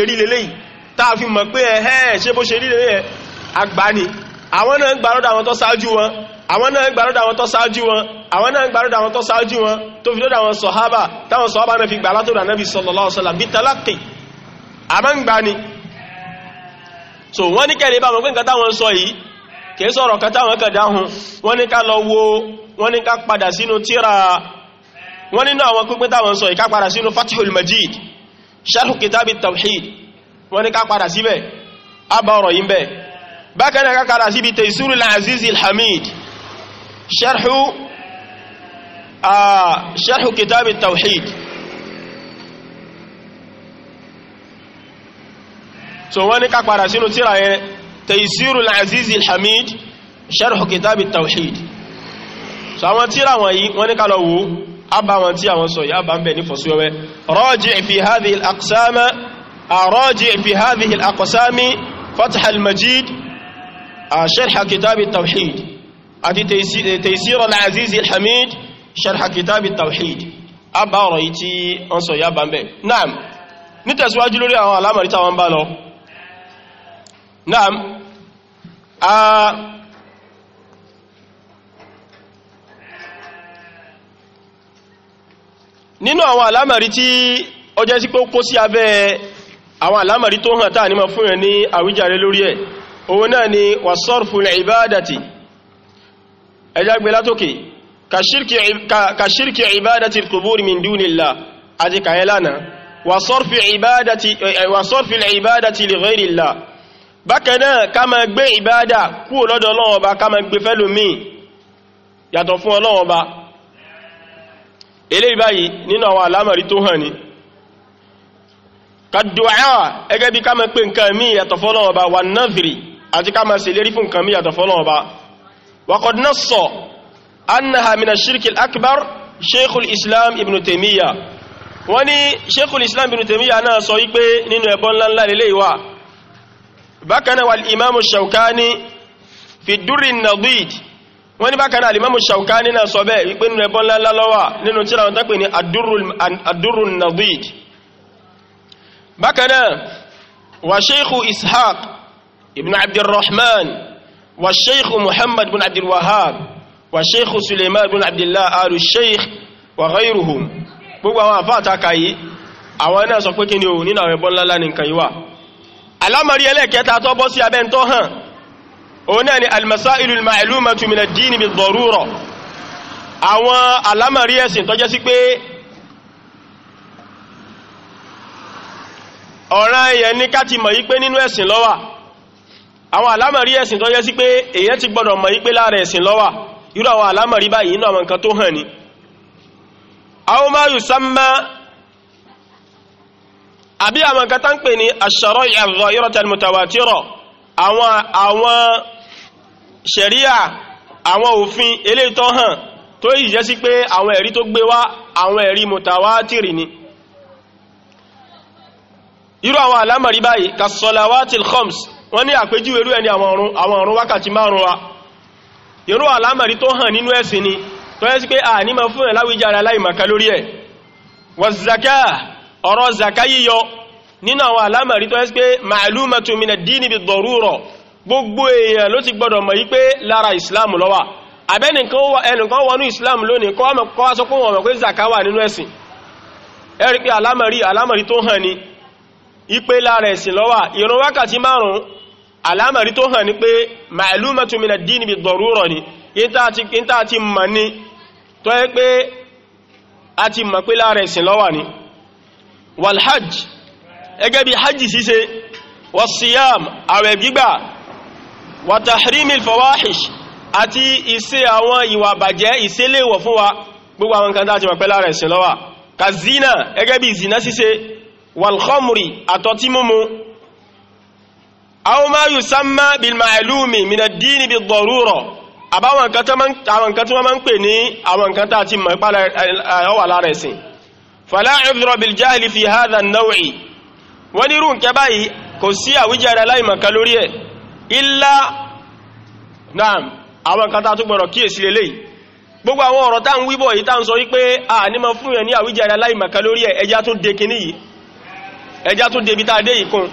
rí táà fi mọ̀ pé ẹ̀hẹ́ ṣe bó ṣe rí rẹ̀ agbáni àwọn náà gbàrọ́dọ̀ àwọn tó sáájú wọn àwọn náà gbàrọ́dọ̀ àwọn tó sáájú wọn àwọn náà gbàrọ́dọ̀ àwọn tó sáájú wọn tó fi lọ́dọ̀ àwọn sọ̀hábà táwọn sọ̀hábà náà fi gbà látọ̀dọ̀ ànábì sallallahu alaihi wasallam bí talákì àmọ́ so wọ́n ní kẹ́lẹ̀ bá wọn pé nǹkan táwọn sọ yìí kìí sọ̀rọ̀ kan táwọn kàn dáhùn wọ́n ní ká lọ wo wọ́n ní ká padà sínú tíra wọ́n nínú àwọn pínpín táwọn sọ yìí ká padà sínú fatihul majid sharh kitabi tawhid wọ́n ní ká padà síbẹ̀ àbá ọ̀rọ̀ yìí bẹ̀ bákan náà ká padà síbi taysirul aziz alhamid sharhu sharhu tawhid so wọ́n ní ká padà sínú tírà yẹn taysirul aziz alhamid sharhu kitab tawhid so àwọn tírà wọ̀nyí wọ́n ní ká lọ wò àbá wọn tí àwọn sọ yìí àbá ń bẹ̀ ní fọ̀síwẹ́wẹ́ raji' fi hadhihi al راجع في هذه الأقسام فتح المجيد شرح كتاب التوحيد أتي تيسير العزيز الحميد شرح كتاب التوحيد أبا رأيتي أنصر يا بامبي نعم نتسواج لوري أو علامة رتاوان بالو نعم آه nínú àwọn àlámàrí tí ọjọ́ sí pé ó kó sí abẹ́ àwọn alámàrí tó hàn táà ní ma fún ẹ̀ ní àwíjàre lórí ẹ̀ òun náà ni wà sọ́rfù ní ìbádàtì ẹjágbé látókè kàṣírkì ìbádàtì kùbúrì min dúnilá àti kàyẹ lánàá wà sọ́rfù ìbádàtì lè gẹ́rìlá bákanáà ká ma ká ma gbé fẹ́lòmí kàdùwà ẹgẹ́ bí ká máa pè nǹkan mí yàtọ̀ fọ́lọ́wọ́ bá wà náàzìrì àti ká máa ṣe lérí fún nǹkan mí yàtọ̀ fọ́lọ́wọ́ bá waqad nassa annaha min ash-shirk al-akbar sheikhul islam ibn taymiya wọ́n ní sheikhul islam ibn taymiya náà sọ wípé nínú ẹbọ ńláńlá lélẹ̀ ìwà bákan náà wal imam ash-shawkani fi durri nínú ẹbọ wọn tó pè ní ad-durru bákanáà wa sheikhu ishaq ibn abdulrahman wa sheikhu muhammad ibn abdulwahab wa sheikhu suleiman ibn abdullah alu sheikh wa ghayruhum gbogbo àwọn àfáàtà kàyí àwọn náà sọ pé kí ni o nínú àwọn ẹbọn lálá nìkan yíwá alámọ̀rí ẹlẹ́kẹta tó bọ́ sí abẹ́ntọ́ hàn òun náà ni almasailu alma'lumatu min ad-din bi ad àwọn alámọ̀rí ẹ̀sìn tó sí pé ọ̀ràn ẹ̀yẹ ní ká ti mọ̀ yí pé nínú ẹ̀sìn lọ́wà àwọn àlámọ̀rí ẹ̀sìn tó yẹ sí pé èyẹ ti gbọ́dọ̀ mọ̀ yí pé lára ẹ̀sìn lọ́wà irú àwọn àlámọ̀rí báyìí inú àwọn nǹkan tó hàn ní àwọn máa yù sánmá àbí àwọn nǹkan tán pè ní àṣàrọ̀ ìyàrọ̀ ìrọ̀tẹ̀ irú àwọn àlámọ̀rí báyìí ka sọlawatil khams wọ́n ní àpéjúwe irú ẹni àwọn ọ̀run wákàtí márùn wa irú àlámọ̀rí tó hàn nínú ẹ̀sìn ni tó yẹ sí pé a ní ma fún ẹ̀ láwíjàre aláìmọ̀ká lórí ẹ̀ wàzàká ọ̀rọ̀ zàká yíyọ nínú àwọn àlámọ̀rí tó yẹ sí pé ma'lumatun min ad-din bid-darura gbogbo èèyàn ló ti gbọdọ̀ mọ̀ yí pé lára ìsìláàmù ló wà ẹnìkan wọnú ìsìláàmù wọ́n mọ̀ ẹ̀rí pé àlámọ̀rí tó hàn ni ipe lára ẹ̀sìn lọ́wà ìrun wákàtí márùn-ún alámàrí tó hàn ní pé ma'lumatu min ad-din bi darura ni ìta ti mọ̀ ní tó yẹ pé a ti mọ̀ pé lára ẹ̀sìn lọ́wà ni wal ẹgẹ́ bí hajj ṣíṣe wa siyam àwẹ̀ gbígbà wa tahrimil fawahish àti ìṣe àwọn ìwà bàjẹ́ zina ẹgẹ́ walkhamri àtọtí mímu aw ma yusamma bilma'lumi min ad-din bid-darura àbáwọn nǹkan tí wọ́n máa ń pè ní àwọn nǹkan tá àti mọ̀ ìpàlẹ̀ ọwà lára ẹ̀sìn fala udhra biljahli fi hadha an-naw'i wọ́n nírú nkẹ́ báyìí kò sí àwíjẹ́rẹ́ láìmọ̀ká lórí ẹ̀ illa naam àwọn nǹkan tá túgbọ̀rọ̀ kíyèsí lélẹ́yìí gbogbo àwọn ọ̀rọ̀ tá ń wíbọ̀ yìí tá ń sọ wípé a ní mọ fún yẹn ní àwíjẹ́rẹ́ láìmọ̀ká lórí ẹ̀ ẹjá tún dekiní yìí ẹjá tún débi tá a dé ìkún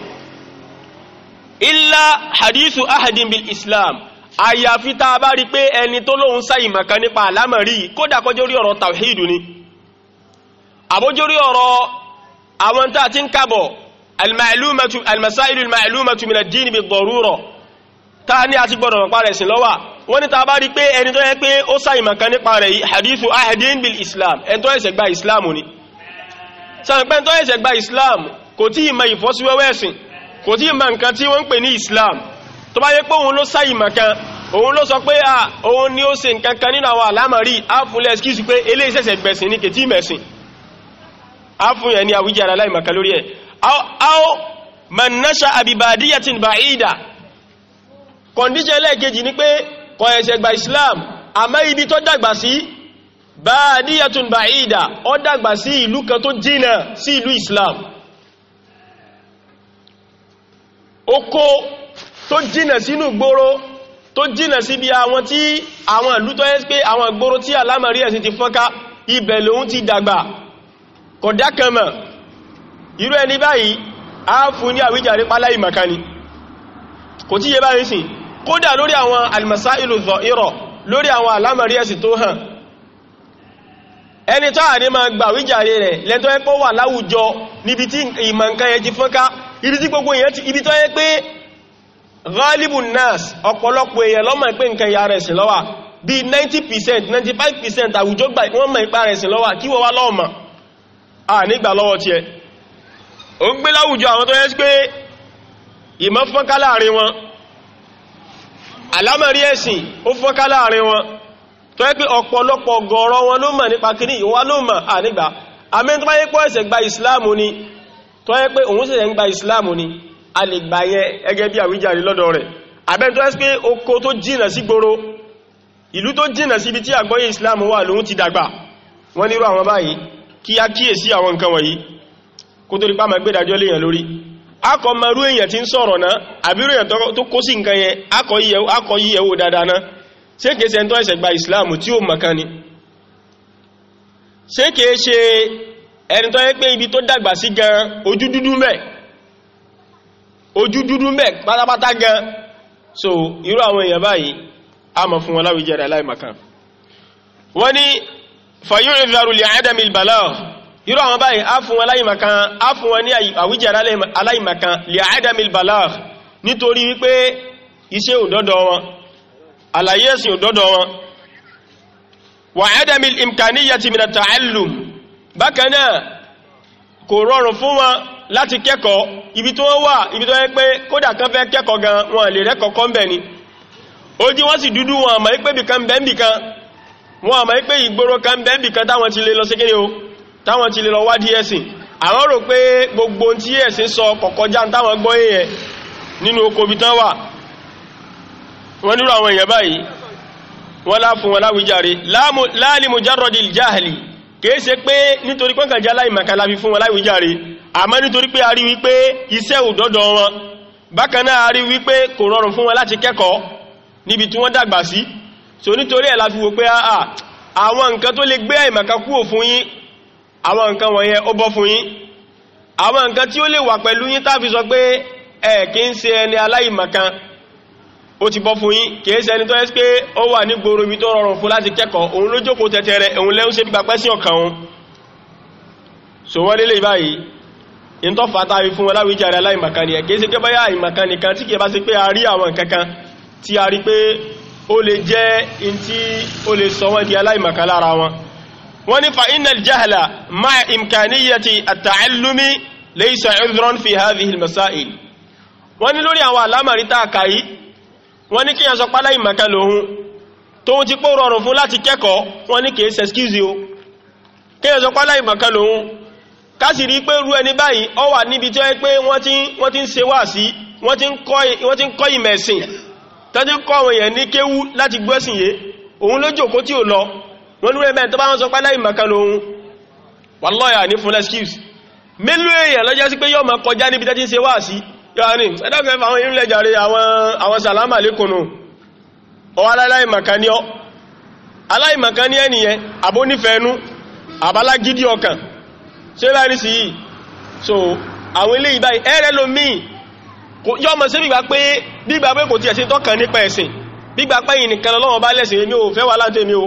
illa hadithu ahadin bil islam àyàfi tá a bá rí pé ẹni tó lóun sáyì mọ̀kan nípa àlámọ̀rí kódà kọjọ́ rí ọ̀rọ̀ tawhidu ni àbójú rí ọ̀rọ̀ àwọn tá a ti ń kábọ̀ al-ma'lumatu al-masailu al-ma'lumatu min ad-din bi-d-darura tá a ní a ti gbọ́dọ̀ ni sàmì tó ẹ̀sẹ̀ gba islam kò tí ì mọ ìfọ́síwẹ́wẹ́ ẹ̀sìn kò tí ì mọ nǹkan tí wọ́n ń pè ní Islam tó bá yẹ pé òun ló sáyì mọ̀kan òun ló sọ pé à òun ni ó ṣe nǹkan kan nínú àwọn àlámọ̀rí áfúnlẹ̀ excuse pé eléyìí ṣẹ̀ṣẹ̀ gbẹ̀sìn ni kètí mẹ̀sìn áfún yẹn ni àwíjàre aláìmọ̀kan lórí ẹ̀ áó man nasha abibadiyatin ba'ida kọ̀ndíṣẹ́ lẹ́ẹ̀kejì ni pé kọ̀ ẹ̀ṣẹ̀ gba Islam àmọ́ ibi tó dàgbà sí badiyatun ba'ida ó dàgbà sí ìlú kan tó jìnà sí ìlú Islam oko tó jìnà sínú gbòòrò tó jìnà síbi àwọn tí àwọn ìlú tó yẹ́ pé àwọn gbòòrò tí alámàrí ẹ̀sìn ti fọ́nká ibẹ̀ lòun ti dàgbà kọ̀dá kan mọ̀ irú ẹni báyìí a fún ní àwíjàre pálá ìmàkani kò tí yẹ báyìí sìn kódà lórí àwọn almasailu zọ̀írọ̀ lórí àwọn alámàrí ẹ̀sìn tó hàn ẹni tó àní máa gbà àwíjàre rẹ̀ lẹ́tọ́ ẹ́pọ́ wà láwùjọ níbi tí ìmọ̀ nǹkan ẹ ti fọ́nká ibi tí gbogbo èèyàn ti ibi tó yẹ pé ghalibu nas ọ̀pọ̀lọpọ̀ èèyàn ló mọ̀ pé nǹkan ìyá rẹ̀ sí lọ́wà bí 90% 95% àwùjọ gbà wọ́n mọ̀ ìpá rẹ̀ sí lọ́wà kí wọ́n wá lọ́ọ̀mọ̀ à nígbà lọ́wọ́ ti ẹ̀ o ń gbé láwùjọ àwọn tó yẹ pé ìmọ̀ fọ́nká láàrin wọn àlámọ̀rí ẹ̀sìn ó fọ́nká láàrin wọn tó yẹ pé ọ̀pọ̀lọpọ̀ gọ̀ọ̀rọ̀ wọn ló mọ̀ nípa kíní ìwá ló mọ̀ à nígbà àmì pọ́ ẹ̀sẹ̀ gba ìsìláàmù ni tó yẹ pé òun sì ń gba ìsìláàmù ni a lè gbà yẹ bi bí àwíjàre lọ́dọ̀ rẹ̀ abẹ́ tó yẹ pé oko tó jìnà sí gboro ìlú tó jìnà sí ibi tí àgbọ́yé ìsìláàmù wà lóhun ti dàgbà wọ́n nírú àwọn báyìí kí a kíyèsí àwọn nǹkan wọ̀nyí kó tó rí pàmà gbẹ́dàjọ́ léèyàn lórí akọ èèyàn ń sọ̀rọ̀ náà àbírò èèyàn tó kó sí nǹkan yẹn akọ yíyẹ̀wò dáadáa náà ṣé ṣe ń tọ́ ẹ̀sẹ̀ gba ìsìláàmù tí ẹni tó yẹ pé ibi tó dàgbà sí gan ojú dúdú mẹ́ ojú dúdú mẹ́ pátápátá gan so irú àwọn èèyàn báyìí a mọ̀ fún wọn láwíjẹ́ rẹ̀ láìmọ̀kan wọ́n ní fayúrì zaruli adam ilbala irú àwọn báyìí a fún wọn láìmọ̀kan a fún wọn ní àwíjẹ́ aláìmọ̀kan li adam ilbala nítorí wípé iṣẹ́ òdọ́dọ̀ wọn àlàyé ẹ̀sìn òdọ́dọ̀ wọn wa adam ilimkaniyati min at-ta'allum bákan kò rọrùn fún wọn láti kẹ́kọ̀ọ́ ibi tó wọ́n wà ibi tó yẹ pé kódà kan fẹ́ kẹ́kọ̀ọ́ gan wọn lè rẹ́kọ̀ọ́kọ́ ń bẹ̀ ni ojú wọ́n sì dúdú wọn àmọ́ ipé bìkan bẹ́ẹ̀bìkan wọn àmọ́ ipé ìgboro kan bẹ́ẹ̀bìkan táwọn ti lè lọ sékéré o táwọn ti lè lọ wádìí ẹ̀sìn àwọn rò pé gbogbo tí ẹ̀sìn sọ kọ̀kọ́ kọ̀kọ́já táwọn gbọ́ èèyàn nínú oko ibi tán wà wọ́n nírò àwọn èèyàn báyìí wọ́n lá wọn láwíjàre láàlì mujarradil kìí ṣe pé nítorí pé kàjá láìmàkà láfi fún wọn láìwíjáre àmọ́ nítorí pé a rí wípé iṣẹ́ òdọ́dọ̀ wọn bákan náà a rí wípé kò rọrùn fún wọn láti kẹ́kọ̀ọ́ níbi tí wọ́n dàgbà sí so nítorí ẹ̀ láfi wò pé àà àwọn nǹkan tó lè gbé àìmàkà kúrò fún yín àwọn nǹkan wọ̀nyẹn ó bọ́ fún yín àwọn nǹkan tí ó lè wà pẹ̀lú yín táfi sọ pé ẹ̀ kí ń ṣe ẹni aláìmàkan ó ti bọ́ fún yín kìí ṣe ẹni tó ẹ́sí pé ó wà ní gbòòrò ibi tó rọrùn fún láti kẹ́kọ̀ọ́ òun ló jókòó tẹ́tẹ́ rẹ̀ òun lẹ́hún ṣe bí gbapẹ́ sí ọ̀kan òun so wọ́n lélẹ̀ báyìí in tó fàtà fi fún wọn láwí jàre aláìmọ̀kan ni ẹ̀ kìí pé báyà àìmọ̀kan nìkan tí kìí bá ṣe pé a rí àwọn nǹkan tí a rí pé ó lè jẹ́ in tí ó lè sọ wọ́n di aláìmọ̀kan lára wọn wọ́n ní fa innal jahla ma'a imkaniyati at-ta'allumi laysa 'udhran fi hadhihi al wọ́n ní lórí àwọn alámàrí tá wọ́n ní kí yàn sọ pálá ìmọ̀ká lòun tó ti pó rọrùn fún láti kẹ́kọ̀ọ́ wọ́n ní kìí sẹ̀skízi o kí yàn sọ pálá ìmọ̀ká lòun kásì rí pé rú ẹni báyìí ọ ti ń se sí wọ́n ti ń kọ́ ìmẹ̀sìn tó ti ń kọ́ ní kéwú láti gbẹ́sìn yé òun ló jòkó tí ò lọ wọ́n ní rẹ̀mẹ́ tó bá wọ́n sọ mélòó èèyàn lọ́jọ́ yọ́ni ẹ̀dọ́gẹ́ àwọn ìrìnlẹ̀ jàrí àwọn sàlámà lékùnù ọwọ́ aláìmàkaní ọ́ aláìmàkaní ẹniyẹn àbónífẹ́ẹnú àbálágídí ọkàn ṣe bá rí sí yìí so àwọn ilé ìbáyìí ẹ̀rẹ́ ló míì yọ́ mọ̀ sí gbígbà pé gbígbà pé kò tiẹ̀ sí tọ́kàn nípa ẹ̀sìn gbígbà pé yìí lọ́wọ́ bá lẹ́sìn èmi ò fẹ́ wà láti èmi ò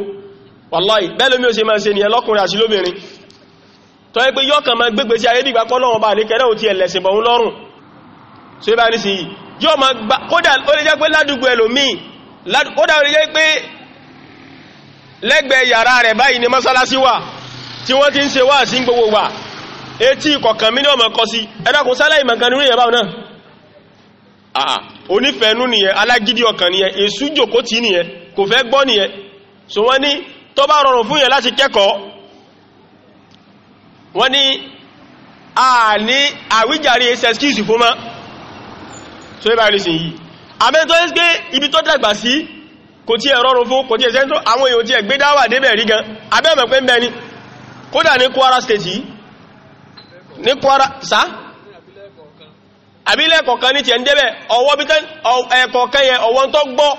wàláì bẹ́ẹ̀ ò máa àti lóbìnrin pé yọ́kàn máa ayé pọ́ lọ́wọ́ bá so ibá nísìn yìí yóò ma gba kódà ó lè jẹ́ pé ládùgbò ẹlòmíì kódà ó lè jẹ́ pé lẹ́gbẹ̀ẹ́ yàrá rẹ̀ báyìí ni mọ́sálásí wà tí wọ́n ti ń ṣe wá sí gbogbo wà etí kọ̀kan mí ní ọmọ kọ sí ẹ̀dàkùn sáláì mọ̀kan nínú ìyẹ̀bá náà àà onífẹ̀ẹ́nú nìyẹn alágídí ọkàn nìyẹn èsú jòkó tí nìyẹn kò fẹ́ gbọ́ fún máa so ibà ìrìsìn yìí abẹ́ tó ń gbé ibi tó dàgbà sí kò tí ẹ rọrùn fún kò tí ẹ sẹ́ntọ́ àwọn èèyàn tí ẹ gbé dáwà débẹ̀ rí gan abẹ́ mọ̀ pé ń bẹ ni kódà ní Kwara state yìí ní Kwara sá àbílẹ̀ kọ̀ọ̀kan ní tiẹ̀ ń débẹ̀ ọwọ́ bí ẹ̀kọ̀ọ̀kan yẹn ọwọ́ tó gbọ́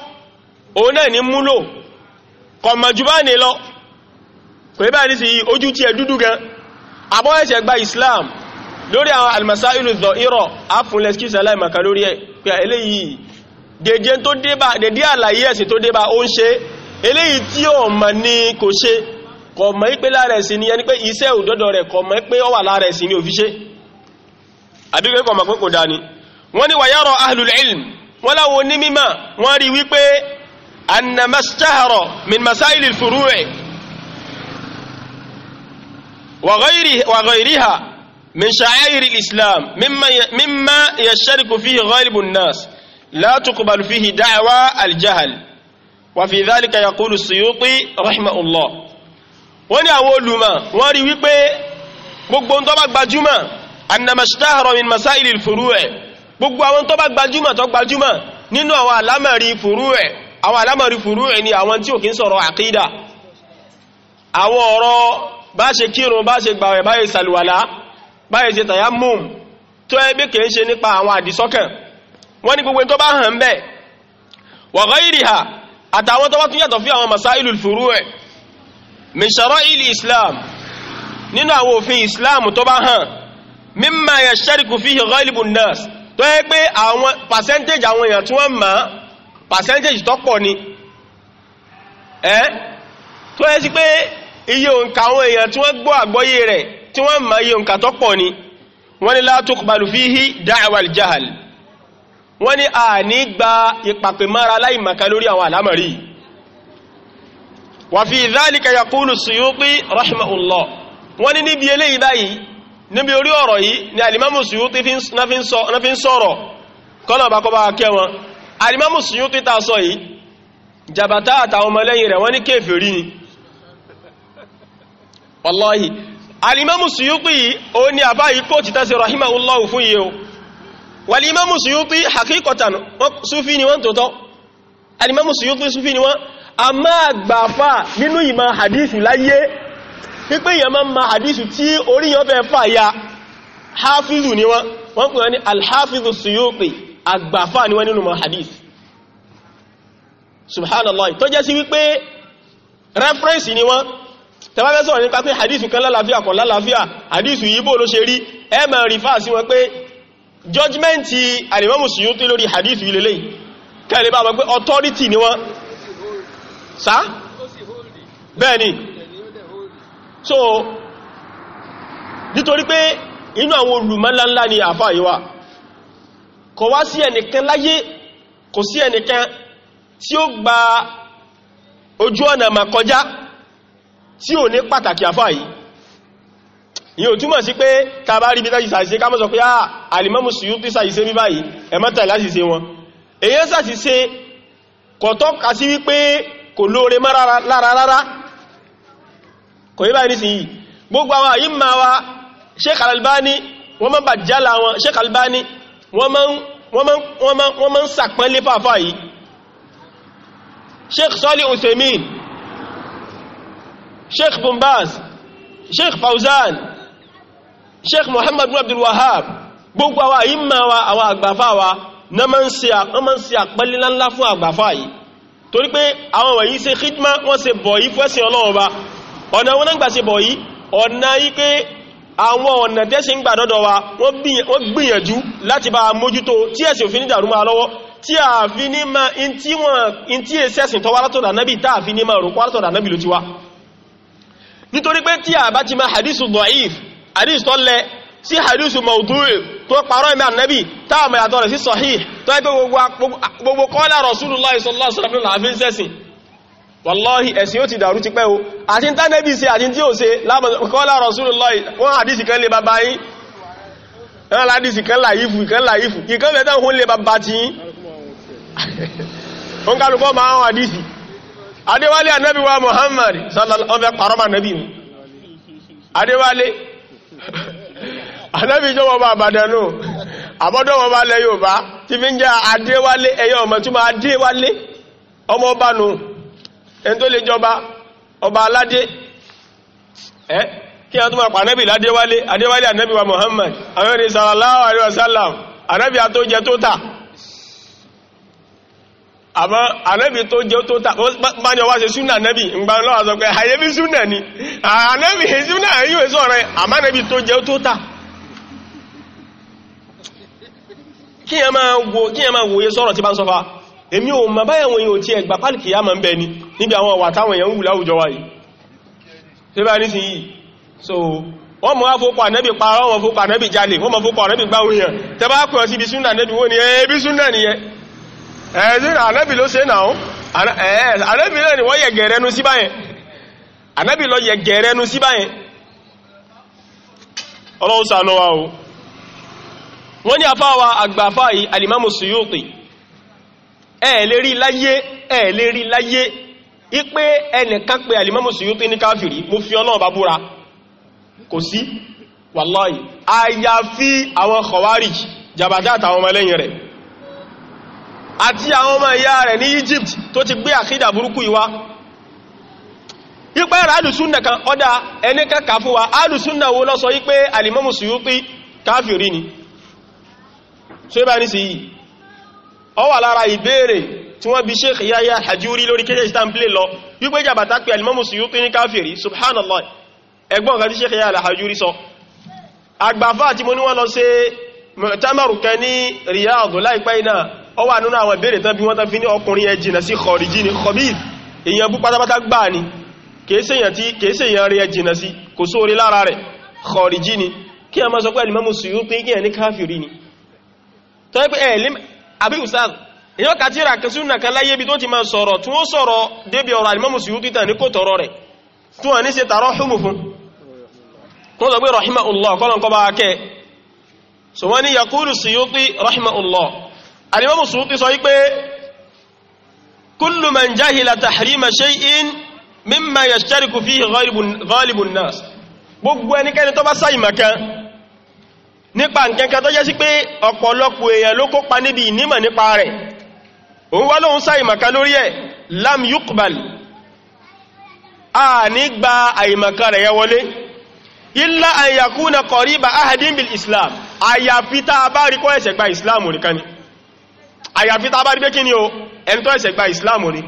òun náà ojú tí ẹ dúdú gan abọ́ ẹ̀ṣẹ̀ gba Islam lórí àwọn almasailu zọ̀írọ̀ áfúnlẹ̀ skis aláìmọ̀ká lórí ẹ̀ pé eléyìí dédé tó débà dédé àlàyé ẹ̀sìn tó débà ó ń ṣe eléyìí tí ó mọ̀ ní kò ṣe kò mọ̀ pé lára ẹ̀sìn ni ẹni pé iṣẹ́ òdodo rẹ̀ kò mọ̀ pé ó wà lára ẹ̀sìn ni òfi ṣe àbí pé mọ̀ pé kò dá wọ́n ní wàyárọ̀ ahlul ilm wọ́n láwọn onímímọ̀ wọ́n rí wípé annamashtahara min masailil furu' wa ghayriha من شعائر الإسلام مما مما يشترك فيه غالب الناس لا تقبل فيه دعوى الجهل وفي ذلك يقول السيوطي رحمه الله wọ́n ní àwọn olùmọ̀ wọ́n rí wípé gbogbo ohun tó bá gbajúmọ̀ anamashitahara min masaili furu ẹ̀ gbogbo àwọn tó bá gbajúmọ̀ tó gbajúmọ̀ nínú àwọn alámọ̀rí furu ẹ̀ àwọn alámọ̀rí furu ẹ̀ ni àwọn tí ò kí ń sọ̀rọ̀ àkídà àwọn ọ̀rọ̀ bá ṣe kírun bá ṣe gbàwẹ̀ bá ṣe sàlùwàlá báyìí ṣe tàyà mú tó ẹbí kìí ṣe nípa àwọn àdìsọ́kàn wọ́n ní gbogbo tó bá hàn bẹ́ẹ̀ wa ghayriha àtàwọn tó bá tún yàtọ̀ fí àwọn masailul furu' min shara'il islam nínú àwọn òfin islam tó bá hàn mimma yashtariku fihi ghalibun nas tó yẹ pé àwọn percentage àwọn èèyàn tí wọ́n mọ̀ percentage tó pọ̀ ni ẹ́ tó yẹ sí pé iye òǹkà àwọn èèyàn tí wọ́n gbọ́ àgbọ́yé rẹ̀ tí wọ́n ma yíò nǹkan tó pọ̀ ni wọ́n ni la tuqbalu fihi da'wal jahal wọ́n ni a ní gba ìpàpè mara láìmàkà lórí àwọn àlámọ̀rí wà fi dhalika yaqulu Suyuti rahimahullah wọ́n ni níbi eléyìí báyìí níbi orí ọ̀rọ̀ yìí ni alimamu Suyuti na fi ń sọ̀rọ̀ kọ́nà bá kọ́ kẹ́ wọn alimamu Suyuti ta sọ yìí jàbátá àtàwọn ọmọlẹ́yìn rẹ̀ wọ́n ní kéfèrí ni wallahi alimamu suyuti o ni àbá yìí kó ti tẹ́sí rahimahullahu fún yìí o walimamu suyuti hakikotan sufi ni wọ́n tótọ́ alimamu suyuti sufi ni wọ́n a máa gbàfà nínú ìmọ̀ hadithu láyé pípé yẹn máa ma hadithu tí oríyàn bẹ fà ya hafizu ni wọ́n wọ́n pè ní alhafizu suyuti agbàfà ni wọ́n nínú mọ̀ hadith subhanallah tó jẹ́ sí wípé reference ni wọ́n tẹ́bàbẹ́ sọ̀rọ̀ nípa pé hadith kan lálàáfíà kọ̀ lálàáfíà hadith yìí bó ló ṣe rí ẹ máa rìfà sí wọn pé jọjmẹ́ntì àlìmọ́mù Suyuti lórí hadith yìí lélẹ́yìn kẹ́lẹ̀ bá wọn pé authority ni wọ́n sá bẹ́ẹ̀ so nítorí pé inú àwọn olùmọ́láńlá ni àfà yìí wà kò wá sí ẹnìkan láyé kò sí ẹnìkan tí ó gba ojú ọ̀nà mà tí ò ní pàtàkì àfá yìí yíò túmọ̀ sí pé tàbá rí bí tàbí sàìsẹ́ ká mọ́ sọ pé àà ah, alìmọ́mù Suyuti sàìsẹ́ bí báyìí ẹmọ́ta ìlàṣìṣẹ́ wọn èyẹ́ sàìsẹ́ kọ̀tọ́ kà sí wípé kò lóore lára rárá kò yí báyìí nísìnyí gbogbo àwọn àyí ma wa Sheikh Al-Albani wọ́n mọ́ bà jálà wọn Sheikh Al-Albani wọ́n mọ́ ń sàpẹ́lé fàfà yìí Sheikh Salih Uthaymin sheikh bombaz sheikh fauzan sheikh muhammad bin abdul wahab gbogbo àwọn àyíma wa àwọn àgbàfà wa na ma ń ṣe àpẹẹlẹ ńláńlá fún àgbàfà yìí torí pé àwọn wọ̀nyí ṣe khidma wọ́n ṣe bọ̀ yìí fẹ́sìn ọlọ́run ba ọ̀nà wọn nígbà ṣe bọ̀ yìí ọ̀nà yìí pé àwọn ọ̀nà tẹ́sí ń gbà dọ́dọ̀ wa wọ́n gbìyànjú láti bá mójútó tí ẹ̀sìn òfin ní dàrú máa lọ́wọ́ tí a fi ní ma in tí èsẹ́sìn tọ́wálátọ̀dà nábì tá a fi ní ma rò pálátọ̀dà nábì ló ti wá nítorí pé tí a bá ti ma hadisu da'if hadis tó lẹ sí hadisu maudu'i tó parọ́ ìmẹ́ annabi táà mẹ́ àtọ́rẹ̀ sí sahih tó ẹgbẹ́ gbogbo kọ́lá rasulullah sallallahu alaihi wasallam láàfin sẹ́sìn wallahi ẹ̀sìn ó ti dàrú ti pẹ́ o àti ń tánẹ́bì ṣe àti tí ó ṣe kọ́lá rasulullah wọ́n hadisi kan lè bàbá yín ẹ̀rọ hadisi kan láyífù ìkan láyífù ìkan mẹ́ta hún lè bàbá *laughs* adéwálé anábíwá Muhammad sallallahu alaihi wasallam nabi mu adéwálé anábí jọwọ́ bá àbàdàn náà àbọ́dọ̀wọ́ bá lẹ yóò bá ti fi ń jẹ́ adéwálé ẹ̀yọ ọmọ tí ma adéwálé ọmọ ọba nù ẹni tó lè jọba ọba aládé ẹ́ kí a tó máa pànábì ládéwálé adéwálé anábíwá Muhammad àwọn ẹni sallallahu alaihi wasallam anábí àtójẹ tó ta àmọ́ anabi tó jẹ́ tó tà báyọ̀ wá ṣe súnà nẹ́bì ìgbà lọ́wọ́ sọ pé àyẹ́bí súnà ni anẹ́bì súnà yíò sọ rẹ̀ àmọ́ anẹ́bì tó jẹ́ tó tà kí ẹ máa wòye sọ́rọ̀ tí bá ń sọfá èmi ò mọ̀ báyẹ̀ wọ̀nyí ò tí ẹgbà pálìkì yá ma ń bẹ ni níbi àwọn ọ̀wà táwọn èèyàn ń wù láwùjọ wáyé so wọ́n mọ̀ fópa nẹ́bì parọ́ ẹ̀ẹ́dẹ́ ànábì ló ṣe náà ànábì náà ni wọ́n yẹ gẹ̀ẹ́rẹ́nu sí báyẹn ànábì ló yẹ gẹ̀ẹ́rẹ́nu sí báyẹn ọlọ́run wa o wọ́n ní afáwa àgbàfà yìí alimamu Suyuti ẹ̀ lè láyé ẹ̀ lè láyé mo fi àti àwọn ọmọ ìyá rẹ̀ ní Egypt tó ti gbé àkídà burúkú ìwá yípa ẹ̀rọ alùsúnnà kan ọ́dá ẹni kẹ́kà fún wa alùsúnnà wo ló sọ wípé ni so ibá ní sí yìí ọ wà lára ìbéèrè tí wọ́n bí Sheikh Yahya Hajuri lórí kéjẹ́ ìsìtàn plé subhanallah ẹgbọ́n kan tí Sheikh Yahya Hajuri sọ àgbàfà àti mo ní wọ́n lọ sí mọ̀tẹ́mọ̀rù ní Riyadh láìpẹ́ náà ó wà nínú àwọn ìbéèrè tán bí wọ́n tán fi ní ọkùnrin ẹ jìnà sí kọ̀rìjì ní kọ̀bíl èyàn bú pátápátá gbà ní kèéṣèyàn tí kèéṣèyàn rí ẹ jìnà sí kò sóore lára rẹ̀ kọ̀rìjì ní kí a máa sọ pé Alimamu Suyuti kí ẹ ní káfìrí ni tọ́ pé ẹ̀lẹ́m àbí ustaz èyàn kà tíra kan súnà tó ti rahimahullah kọ́lọ̀kọ́ bá kẹ́ so wọ́n ní yakulu Suyuti rahimahullah alimamu Suyuti sọ wípé kullu man jahila tahrima shay'in mimma yashtariku fihi ghalibun nas gbogbo ẹnikẹ́ni tó bá sáyì mọ̀kan nípa nkankan tó jẹ́ sí pé ọ̀pọ̀lọpọ̀ èèyàn ló kópa níbi ìnímọ̀ nípa rẹ̀ òun wá lóhun àyàfi tá bá rí pé kí ni o ẹni tó ẹ̀sẹ̀ gba islam ni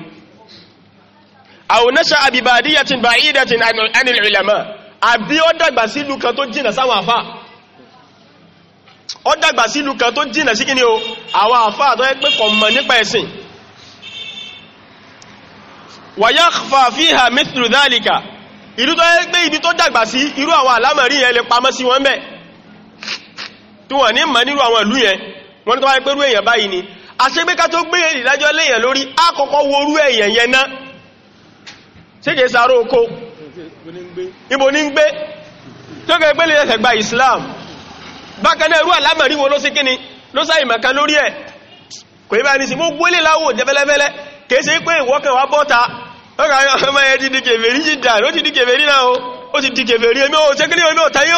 aw nasha'a bi badiyatin ba'idatin 'anil 'ulama àbí ó dàgbà sílùú kan tó jìnà sáwọn àfà ó dàgbà sílùú kan tó jìnà sí kí ni o àwọn àfà tó yẹ pé kò mọ̀ nípa ẹ̀sìn wa yakhfa fiha mithlu dhalika ìlú tó yẹ pé ibi tó dàgbà sí irú àwọn àlámọ̀rí yẹn lè pamọ́ sí wọn bẹ́ẹ̀ tí wọ́n ní mọ̀ nírú àwọn ìlú yẹn wọ́n tó wáyé pé irú èèyàn báyìí ni àṣẹ́gbẹ́ká tó gbé ìdájọ́ léyàn lórí àkọ́kọ́ worú ẹ̀yẹ̀ yẹn náà ṣéjẹ́ sàárò oko ibo ní ń gbé tó gẹ́ gbé lè gba Islam bákan náà irú àlámọ̀rí wo ló sí kíni ló sáyì màkà lórí ẹ̀ kò yí bá ní sí mú gbólé láwò jẹ́fẹ́lẹ́fẹ́lẹ́ kìí ṣe pé ìwọ́kàn wá bọ́ta ọkà ọmọ ẹ̀ ti di kèfèrí ti dà ló ti di kèfèrí náà ó ti di kèfèrí èmi ò ṣe kíní èmi ò tayé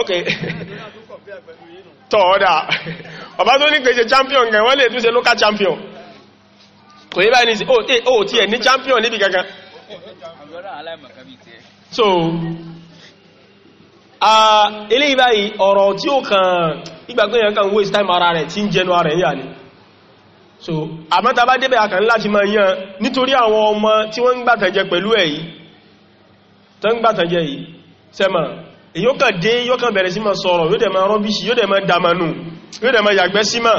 ok tọ́ ọ̀dá ọba tó ní pèsè champion gan wọ́n lè tún ṣe local champion kò yí báyìí sí o tí ẹ̀ ní champion níbi kankan so ilé ìbáyìí ọ̀rọ̀ tí ó kàn ìgbàgbé yẹn kan waste time ara rẹ̀ tí ń jẹnu ara ẹ̀yà ni so àmọ́ta bá débẹ̀ àkàn láti máa yán nítorí àwọn ọmọ tí wọ́n ń gbàtànjẹ pẹ̀lú èyí tó ń gbàtànjẹ yìí sẹ́mọ̀ yóò kàn dé yóò kàn bẹ̀rẹ̀ sí ma sọ̀rọ̀ yóò dẹ̀ ma rọ́bíṣì yóò dẹ̀ ma dàmànù yóò dẹ̀ ma yàgbẹ́ sí ma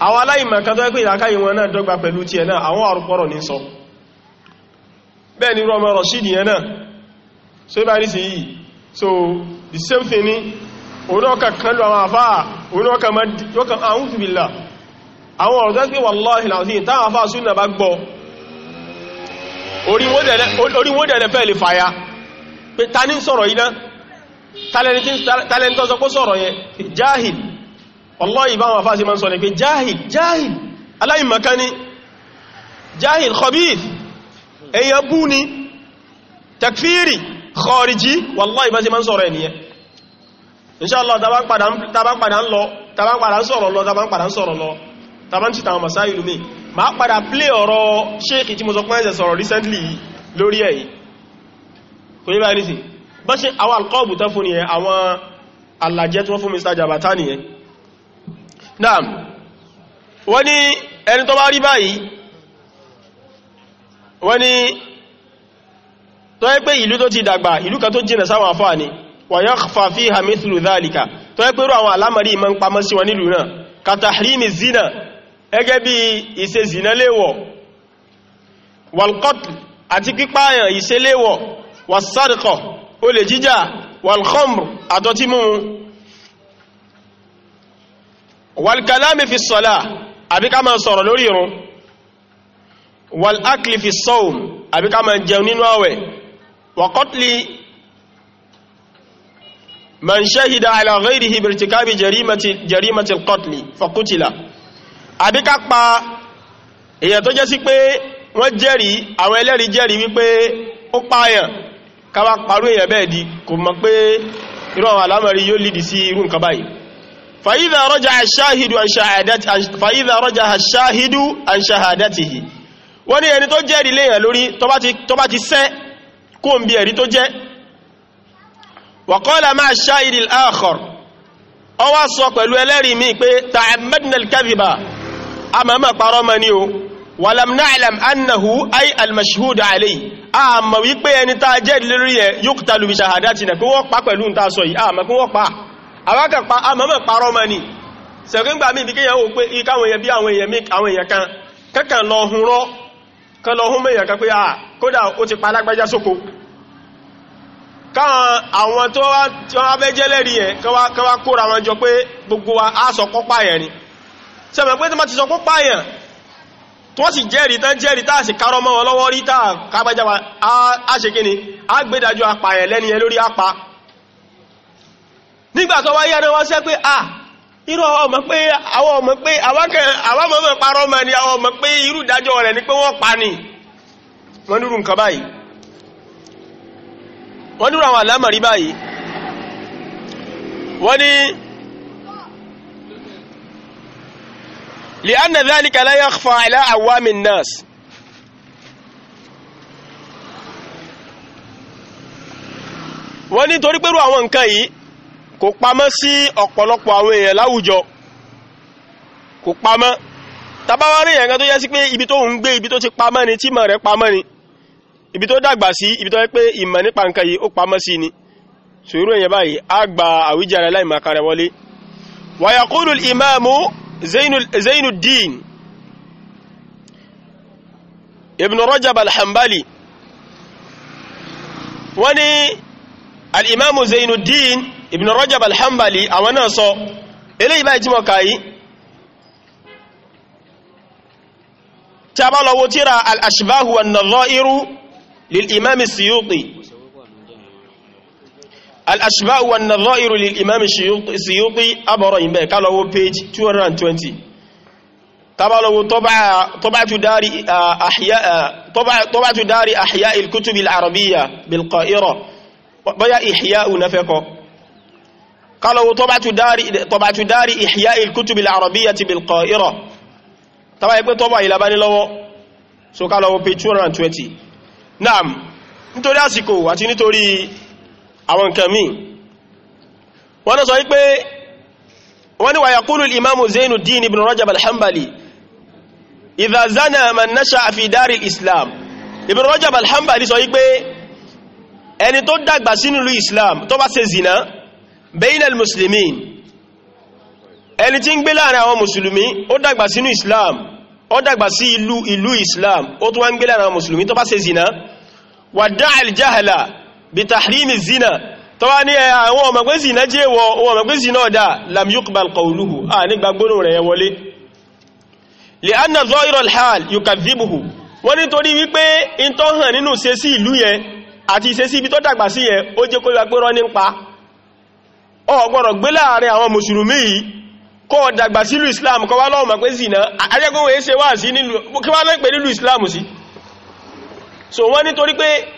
àwọn aláìmọ̀kan tó ẹgbẹ́ ìlàkà ìwọ̀n náà dọ́gba pẹ̀lú ti ẹ̀nà àwọn àrùpọ̀rọ̀ ní sọ bẹ́ẹ̀ ni rọmọ rọ̀ṣídì ẹ̀nà so ibà ní so the same thing ni onókan kan lọ àwọn àfáà onókan ma yókan àwọn fìbìlà àwọn ọ̀rọ̀ tó pé wallahi alazim táwọn àfáà súnà bá gbọ́ orí wọ́n dẹ̀rẹ̀ fẹ́ lè tàlẹ́ntọ́ sọ pé sọ̀rọ̀ yẹn jahil wallahi ìbáwọn afáṣe ma ń sọ ní pé jahil jahil aláìmọ̀kan ni jahil khabith èyàn bú ni takfiri khariji wallahi ìbáṣe ma ń sọ̀rọ̀ ẹniyẹ inṣáàlá tàbánpadà ń lọ tàbánpadà ń sọ̀rọ̀ lọ tàbánpadà ń sọ̀rọ̀ lọ tàbán ti tàwọn masá ìlú mi ma padà plé ọ̀rọ̀ sheikh tí mo sọ sọ̀rọ̀ recently lórí èyí kò bá ṣe àwọn alkọ́ọ̀bù tán fún nìyẹn àwọn alàjẹ́ tí fún Mr. Jabata nìyẹn náà wọ́n ní ẹni tó bá rí báyìí wọ́n ní tó yẹ pé ìlú tó ti dàgbà ìlú kan tó jìnà sáwọn àfáà ni wa yakhfa fiha mithlu dhalika tó yẹ pé àwọn alámàrí ìmọ̀ ń pamọ́ sí wọn nílùú náà ka olè jíjà walkhamr àtọ́tí mímu walkalami fi sọ́lá àbí ká máa sọ̀rọ̀ lórí irun walakli fi sọ́ùn àbí ká máa jẹun nínú àwẹ̀ wakọ́tlì man shahida ala ghayrihi birtikabi jarimati jarimati alqatli faqutila àbí ká pa èyàn tó jẹ́ sí pé wọ́n jẹ́rìí àwọn ẹlẹ́rìí jẹ́rìí wípé ó pààyàn káwà parú èyàn bẹ́ẹ̀ di kò mọ̀ pé irú àwọn alámọ̀rí yóò lìdí sí irú nǹkan báyìí fàyíza rọ́jà àṣáhìdú an wọ́n ní ẹni tó jẹ́ ìdílé èyàn lórí tó bá ti sẹ́ kó ń bí ẹ̀rí tó jẹ́ wàkọ́lá máa ṣáhìdì al ọ wá sọ pẹ̀lú ẹlẹ́rìí mi pé ta'ammadna al a máa mọ̀ parọ́ mọ́ ní o wàlàm náàlàm annahu ay almashhudu alayhi a mọ̀ wípé ẹni tá jẹ́ lérí ẹ yuqtalu bi shahadatina kí wọ́n pa pẹ̀lú ta sọ yìí a mọ̀ kí wọ́n pa àwákà pa a mọ̀mọ̀ parọ́ mọ́ ni sẹ̀gbẹ́gbà mi bíkẹ́ yẹn pé ikáwọn èèyàn bí àwọn èèyàn mí àwọn èèyàn kan kẹ́kàn lọ hun rọ́ kan lọ hun mẹ́yàn kan pé a kódà ó ti pa lágbájá sóko káwọn àwọn tó wá bẹ́ jẹ́ lẹ́rí ẹ̀ kan wá kóra wọn jọ pé gbogbo wa á sọ kọ́pá yẹn ni sẹ̀mọ̀ pé tó má ti sọ kọ́pá yẹn tó sì jẹ́rìí tán jẹ́rìí tá sì kárọ mọ́ wọn lọ́wọ́ rí tá kágbàjáwà á ṣe kí ni á gbédájú apààyàn lẹ́ni ẹ lórí apá nígbàtọ́ wáyé ẹni wọ́n sẹ́ pé à irọ́ ọmọ pé àwọn ọmọ pé àwọ́mọ̀ parọ́ mọ́ ni àwọn ọmọ pé irú ìdájọ́ rẹ̀ ni pé wọ́n pa ni wọ́n dúró لأن ذلك لا يخفى على عوام الناس wọ́n ní torí pẹ̀lú àwọn nǹkan yìí kò pamọ́ sí ọ̀pọ̀lọpọ̀ àwọn èèyàn láwùjọ kò pamọ́ tàbáwárí èèyàn kan tó yẹ sí pé ibi tó ń gbé ibi tó ti pamọ́ ni tí mọ̀ rẹ̀ pamọ́ ni ibi tó dàgbà sí ibi tó pé ìmọ̀ nípa nǹkan yìí ó pamọ́ zainuddin ibn rajab alhambali wọ́n ní al'imamu zainuddin ibn rajab alhambali àwọn náà sọ eléyìí báyìí tí mọ̀ káyí tí a bá lọ wo tírà al'ashibahu wa nadha'iru lil imam siyuti الأشباء والنظائر للإمام السيوطي أبرا إمبا قالوا بيج 220 تبالو طبع طبعة دار أحياء طبع طبعة دار أحياء الكتب العربية بالقاهرة بيا إحياء نفقه قالوا طبعة دار طبعة دار إحياء الكتب العربية بالقاهرة تبا يبقى طبع إلى بني لو سو قالوا بيج 220 نعم nítorí àsìkò àti àwọn nǹkan míì wọ́n ní sọ wípé wọ́n ní wàyàkúrù ìmáàmù Zainuddin ibn Rajab al-Hanbali idha zana man nasha'a fi dari islam ibn Rajab al-Hanbali sọ wípé ẹni tó dàgbà sínú ìlú islam tó bá ṣe zina bayna al-muslimin ẹni tí ń gbé láàrin àwọn mùsùlùmí ó dàgbà sínú islam ó dàgbà sí ìlú islam ó tún wá ń gbé láàrin àwọn mùsùlùmí tó bá ṣe zina wà dáa al bí tahrimi zina tó wá ní eh, àwọn ọmọ pé zina jẹ́ wọ ohun ọmọ pé zina ọ̀dá lam yuqbal qawluhu a ní gbagbónú rẹ̀ yẹ wọlé lè anna zọ́ìrọ̀ alhal yukadhibuhu wọ́n nítorí wípé in tó hàn nínú ṣe sí ìlú yẹn àti ṣe sí ibi tó dàgbà sí yẹn ó jẹ́ kó gbà pé so wọ́n nítorí pé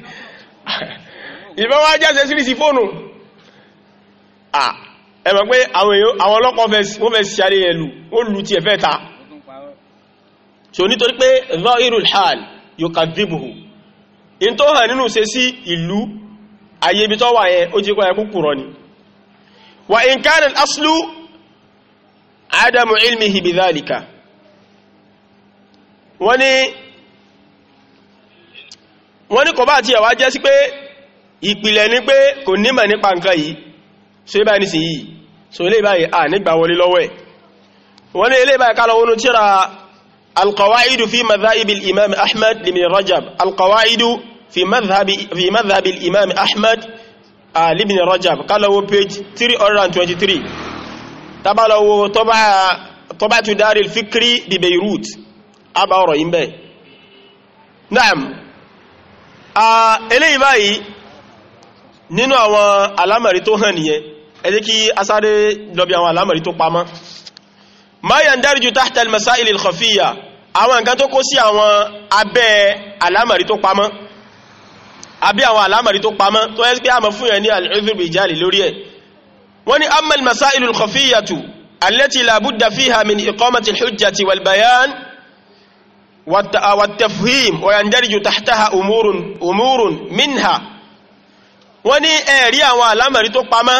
ìbọn wá jáde sírísì fóònù ẹ̀mọ̀ pé àwọn ọlọ́pọ̀ wọ́n fẹ́ sí àríyẹ lù ó lù tí ẹ̀fẹ́ ta so nítorí pé zahirul hal yukadhibuhu in tó hàn nínú ṣe sí ìlú ayé ibi tó wà yẹn ó jí kọ́ ẹkú kúrọ ni wa in kana al-aslu adamu ilmihi bidhalika wọ́n ni wọ́n ní kò bá ti ẹ̀wà jẹ́ sí pé ìpìlẹ̀ ní pé kò nímọ̀ nípa nǹkan yìí so ibá ní sí yìí so ilé ìbáyìí à nígbà wọlé lọ́wọ́ ẹ̀ wọ́n ní ilé ìbáyìí kálọ̀ wọnú tíra alqawaidu fi madhabi imam ahmad libni rajab alqawaidu fi madhabi imam ahmad libni rajab kálọ̀ wọ page 323 tabalọ̀ wọ tọ́bátù daril fikri di beirut abá yìí bẹ́ẹ̀ eléyìí báyìí nínú àwọn alámẹ̀rí tó hàn nìyẹn ẹ jẹ́ kí asáré lọ́bí àwọn alámẹ̀rí tó pamọ́ ma yandariju tahta al-masail al-khafiyya àwọn nǹkan tó kó sí àwọn abẹ́ alámẹ̀rí tó pamọ́ àbí àwọn alámẹ̀rí tó pamọ́ tó yẹ́ pé a mọ̀ fún yẹn ní al-udhr lórí ẹ̀ wọ́n ni amma al-masail al-khafiyyatu allati la budda min iqamati hujjati wal-bayan والتفهيم ويندرج تحتها أمور أمور منها wọ́n ní ẹ̀rí àwọn àlámọ̀rí tó pamọ́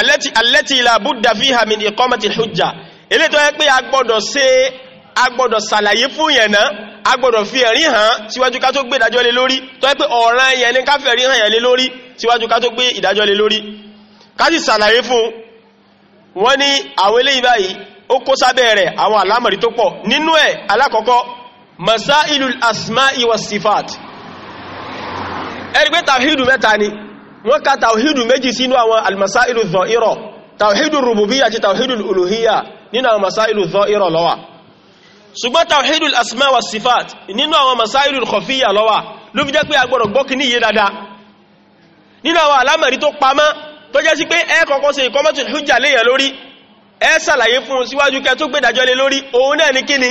التي التي لا بد فيها من إقامة الحجة ilé tó yẹ pé a gbọ́dọ̀ ṣe a gbọ́dọ̀ ṣàlàyé fún yẹn náà a gbọ́dọ̀ fi ẹ̀rí hàn síwájú ká tó gbé ìdájọ́ lé lórí tó yẹ pé ọ̀ràn yẹn ni ká fẹ̀rí hàn yẹn lé lórí síwájú ká tó gbé ìdájọ́ lé lórí ká sì ṣàlàyé fún wọ́n ní àwọn eléyìí báyìí ó kó sábẹ́ rẹ̀ àwọn àlámọ̀rí tó pọ̀ nínú ẹ̀ alákọ̀ọ́kọ́ masáìlú asma'i wa sifat ẹ̀rí pé tàwíhìdù mẹ́ta ni wọ́n ka tàwíhìdù méjì sínú àwọn almasáìlú zọ́írọ̀ tàwíhìdù rububiyya àti tàwíhìdù olùhíyà nínú àwọn masáìlú zọ́írọ̀ lọ́wà ṣùgbọ́n tàwíhìdù asma wa sifat nínú àwọn masáìlú kọfíyà lọ́wà ló fi jẹ́ pé agbọ́dọ̀ gbọ́ kíní yé dada nínú àwọn alámẹ̀rí tó pamọ́ tó jẹ́ sí pé ẹ kọ́kọ́ ṣe ìkọ́mọ́tò hujja lórí ẹ sàlàyé fún síwájú kẹ tó gbé lórí òun náà ni kíni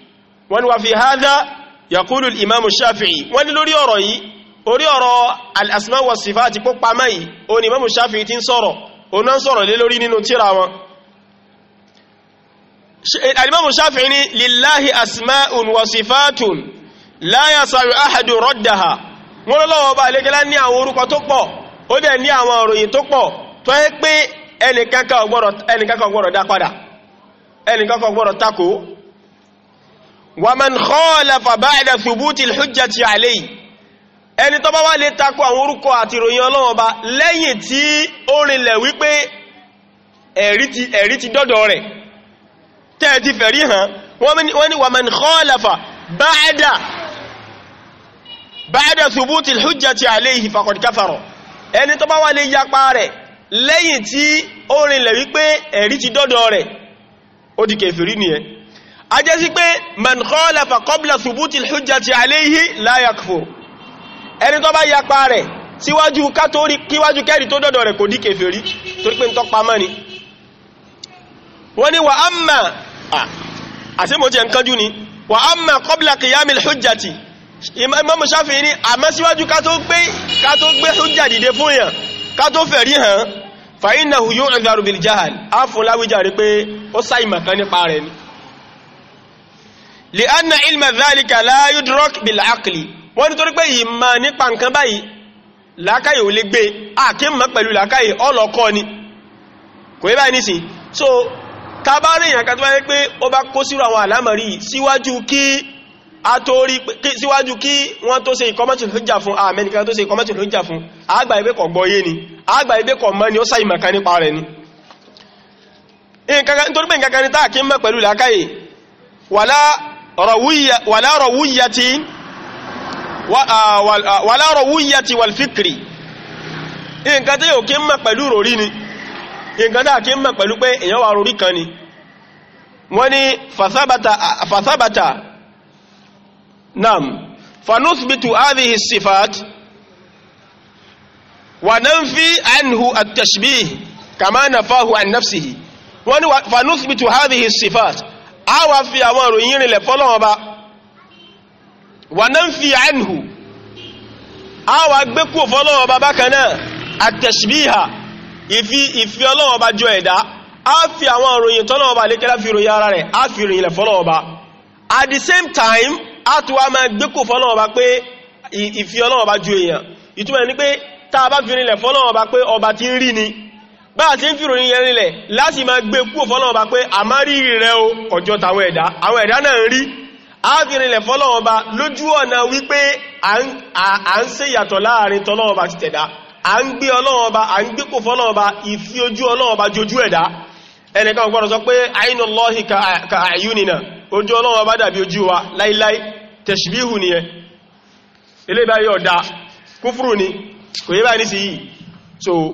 wọ́n wá fi hadha yaqulu al-imam shafi'i wọ́n ní lórí ọ̀rọ̀ yìí orí ọ̀rọ̀ al-asma wa sifati pọ́ pamá yìí o ni imam shafi'i ti ń sọ̀rọ̀ o náà sọ̀rọ̀ lé lórí nínú tíra wọn ẹnìkankan ò dá padà ẹnìkankan ò takò wàmán khalafa ba'da thubuti al-hujjati alayhi ẹni tó bá wá lè takò àwọn orúkọ àti ìròyìn Ọlọ́run Ọba lẹ́yìn tí ó rinlẹ̀ wípé ẹ̀rí ti dọ́dọ̀ rẹ̀ tẹ́ẹ̀ ti fẹ̀rí hàn wọ́n ni wàmán khalafa ba'da ba'da thubuti al-hujjati alayhi faqad kafara ẹni tó bá ti dọ́dọ̀ a jẹ́ sí pé man khalafa qabla thubuti al-hujjati alayhi la yakfur ẹni tó bá yapa rẹ̀ síwájú kátórí kíwájú kẹ́rì tó dọ̀dọ̀ rẹ̀ kò di kèfèrí torí pé ń tọ́pa mọ́ ni wọ́n ni wa amma àṣímọ̀tí ẹ̀nkájú ni wa amma qabla qiyamil hujjati Imam Shafi'i ni àmọ́ síwájú kátó gbé hujja dìde fún yàn kátó fẹ̀rí hàn fa innahu yu'dharu bil jahal á fún láwíjà rí pé ó sáìmọ̀ kan nípa rẹ̀ ni lè anna ilma dhalika la yudrak bil aqli wọ́n ni torí pé ìmọ̀ nípa nǹkan báyìí làákàyè ò lè gbé àkímọ̀ pẹ̀lú làákàyè ọlọ́kọ́ ni kò yẹ báyìí nísìn so tabari èèyàn kan tó wáyé pé ó bá kó sírò àwọn àlámọ̀rí síwájú kí a tó rí síwájú kí wọ́n tó ṣe ìkọmọ́tì lójà fún àmẹ́nìkan tó ṣe ìkọmọ́tì lójà fún àgbà ibẹ́ kọ̀ gbọ́yé ni àgbà wàlá wàlá rawuyyati wàlá rawuyyati wal fikri nǹkan tí yóò kí ń mọ̀ pẹ̀lú ròrí ni nǹkan tí a kí ń mọ̀ pẹ̀lú pé èyàn wà ròrí kan ni wọ́n ni fàtàbàtà nam fanúsbìtù áàdìhì sífàt wà náà fi àìnhù àtàṣbí kàmá fáhù àìnàfsìhì wọ́n ni fanúsbìtù áàdìhì sífàt a wá fi àwọn ìròyìn rinlẹ̀ fọ́lọ́wọ́n ba wà náà ń fi àìnhù a wá gbé kú fọ́lọ́wọ́n ba bákan náà àtẹ̀ṣbíhà ìfi ìfi ọlọ́wọ́n ba jọ ẹ̀dá a fi àwọn ìròyìn tọ́lọ́wọ́n ba lékẹ́lá fi ròyìn ara rẹ̀ a fi ròyìn lẹ̀ fọ́lọ́wọ́n ba at the same time a tún wá máa gbé kú fọ́lọ́wọ́n ba pé ìfi ọlọ́wọ́n ba ju èèyàn ìtumọ̀ ní pé tá a bá fi ròyìn lẹ̀ fọ́lọ́wọ́n ba pé ọba ti ń rí ni bá àti ń fìrò yẹn rinlẹ̀ láti máa gbé kú a má rí o ọjọ́ tàwọn ẹ̀dá àwọn ẹ̀dá náà a rí áàfìrinlẹ̀ fọ́lọ́wọ́ bá lójú ọ̀nà wípé à ń ṣe yàtọ̀ láàrin tọ́lọ́wọ́ bá ti tẹ̀dá a ń gbé ọlọ́wọ́ bá a ń gbé kú bá ìfi ojú ọlọ́wọ́ bá jojú ẹ̀dá ẹnìkan sọ ka oju wa lai lai kò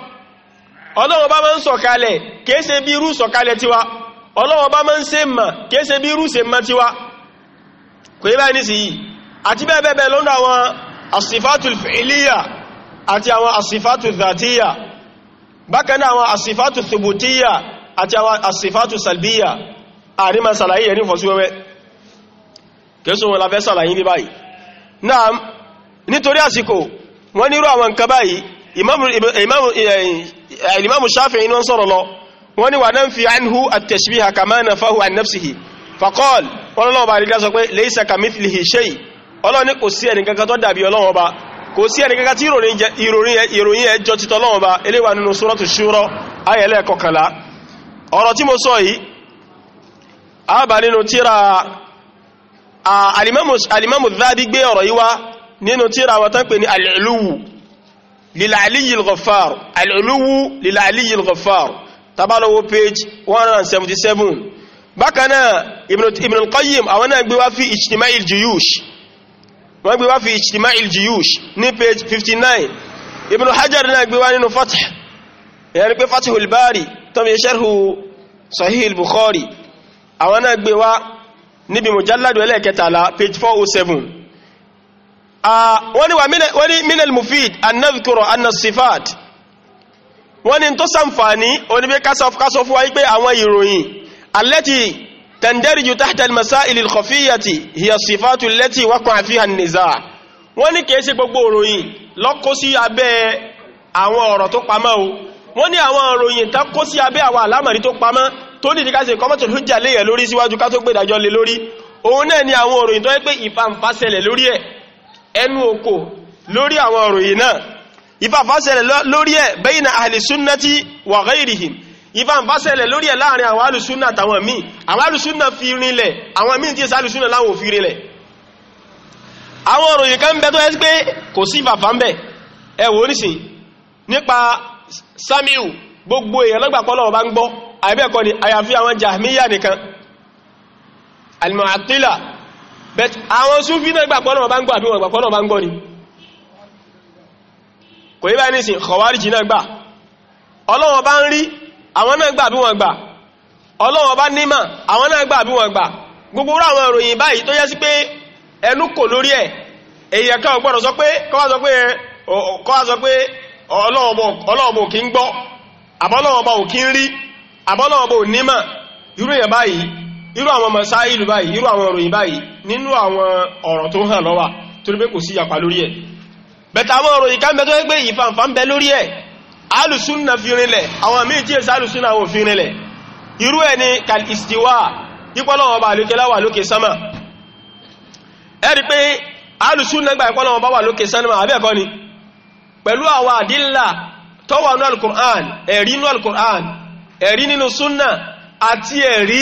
ọlọ́wọ́ bá máa ń sọ̀kalẹ̀ kéése bí irú sọ̀kalẹ̀ tiwa ọlọ́wọ́ bá máa ń ṣe mà kéése bí irú ṣe mà tiwa kò yí báyìí nísìnyí àti bẹ́ẹ̀ bẹ́ẹ̀ lọ́nà àwọn asifatul fi'liya àti àwọn asifatul dhatiya bákan náà àwọn asifatul la fẹ́ sàlàyé ní báyìí náà nítorí àsìkò wọ́n nírú àwọn nǹkan báyìí imamu imamu الإمام الشافعي وانصر الله وأني وننفي عنه التشبيه كما نفاه عن نفسه فقال قال الله بارك الله ليس كمثله شيء Ọlọ́run ní kò sí ẹnìkan kan tó dàbí Ọlọ́run Ọba kò sí ẹnìkan kan tí ìròyìn ẹ̀ jọ títọ́ Ọlọ́run Ọba eléwà nínú Suratu Shura ayẹ̀lẹ́ kọkànlá ọ̀rọ̀ tí mo sọ yìí àbà nínú tíra Al-Imam Al-Imam Dhahabi gbé ọ̀rọ̀ yìí wá nínú tíra wọ́n tán pè ní al-Uluw للعلي الغفار العلو للعلي الغفار tabalowo page 177 bákaná ibn al-qayyim àwọn náà gbé wá fi ijtima il-jiyush wọ́n gbé wá fi ijtima il-jiyush ní page 59 ibn hajar náà gbé wá nínú fath yàní pé fath hulbari tó mi ṣarhu sahih al-bukhari àwọn náà gbé wá níbi mujalladu ẹlẹ́kẹtàlá page 407 Ah, wọ́n ni wà minel mufid annadhkura annasifat wọ́n ni tó sànfàní oníbẹ́ kásọ fún wáyé pé àwọn ìròyìn alẹ́tì tandariju tahta al-masail al-khafiyyati hiya sifatu allati waqa'a fiha an-niza' wọ́n ní kìí ṣe gbogbo ìròyìn lọ́kó sí abẹ́ àwọn ọ̀rọ̀ tó pamọ́ o wọ́n ní àwọn ìròyìn tán kó sí abẹ́ àwọn àlámọ̀rí tó pamọ́ tó nìdí ká ṣe kọ́mọ̀tò hujja léyẹ̀ lórí síwájú ká tó gbèdàjọ́ lé lórí òun náà ni àwọn ìròyìn tó yẹ pé ìfàǹfà ṣẹlẹ̀ lórí ẹ̀ ẹnu òkò lórí àwọn ọ̀rọ̀ yìí náà ìfàfàṣẹlẹ̀ lórí ẹ̀ bayna ahli sunnati wa ghayrihim ìfàfàṣẹlẹ̀ lórí ẹ̀ láàrin àwọn alùsúnnà àtàwọn míì àwọn alùsúnnà fi rinlẹ̀ àwọn míì tí sàlùsúnnà láwọn òfin rinlẹ̀ àwọn ọ̀rọ̀ yìí kan bẹ tó ẹ́ pé kò sí ìfàfà ń bẹ ẹ wò nísìn but àwọn súnfí náà gbàgbọ́ náà bá ń gbọ́ àbí wọn gbàgbọ́ náà bá ń gbọ́ ni kò yí báyìí nísìn kọwàríjì náà gbà ọlọ́wọ́n bá ń rí àwọn náà gbà àbí wọn gbà ọlọ́wọ́n bá nímà àwọn náà gbà àbí wọn gbà gbogbo rú àwọn ìròyìn báyìí tó yẹ sí pé ẹnu kò lórí ẹ̀ èyàn kan gbọ́dọ̀ sọ pé kọ́wà sọ pé kọ́wà sọ pé ọlọ́wọ́n bò kí ń gbọ́ àbọ́lọ́wọ́n bò kí ń rí àbọ́lọ́wọ́n bò nímà irú èyàn báyìí irú àwọn masáìlù báyìí irú àwọn ìròyìn báyìí nínú àwọn ọ̀rọ̀ tó hàn lọ́wà torí pé kò sí yapa lórí ẹ̀ bẹ̀tà àwọn ọ̀rọ̀ ìká mẹ́tọ́ pé ìfàǹfà ń bẹ lórí ẹ̀ alùsúnnà fi rinlẹ̀ àwọn míì tí èsì alùsúnnà àwọn òfin rinlẹ̀ irú ẹ̀ ni kal istiwa ìpọ́lọ́wọ́ bá lókè ni pẹ̀lú àwọn àdílà tó wà nínú al-Qur'an ẹ̀rí nínú al-Qur'an àti ẹ̀rí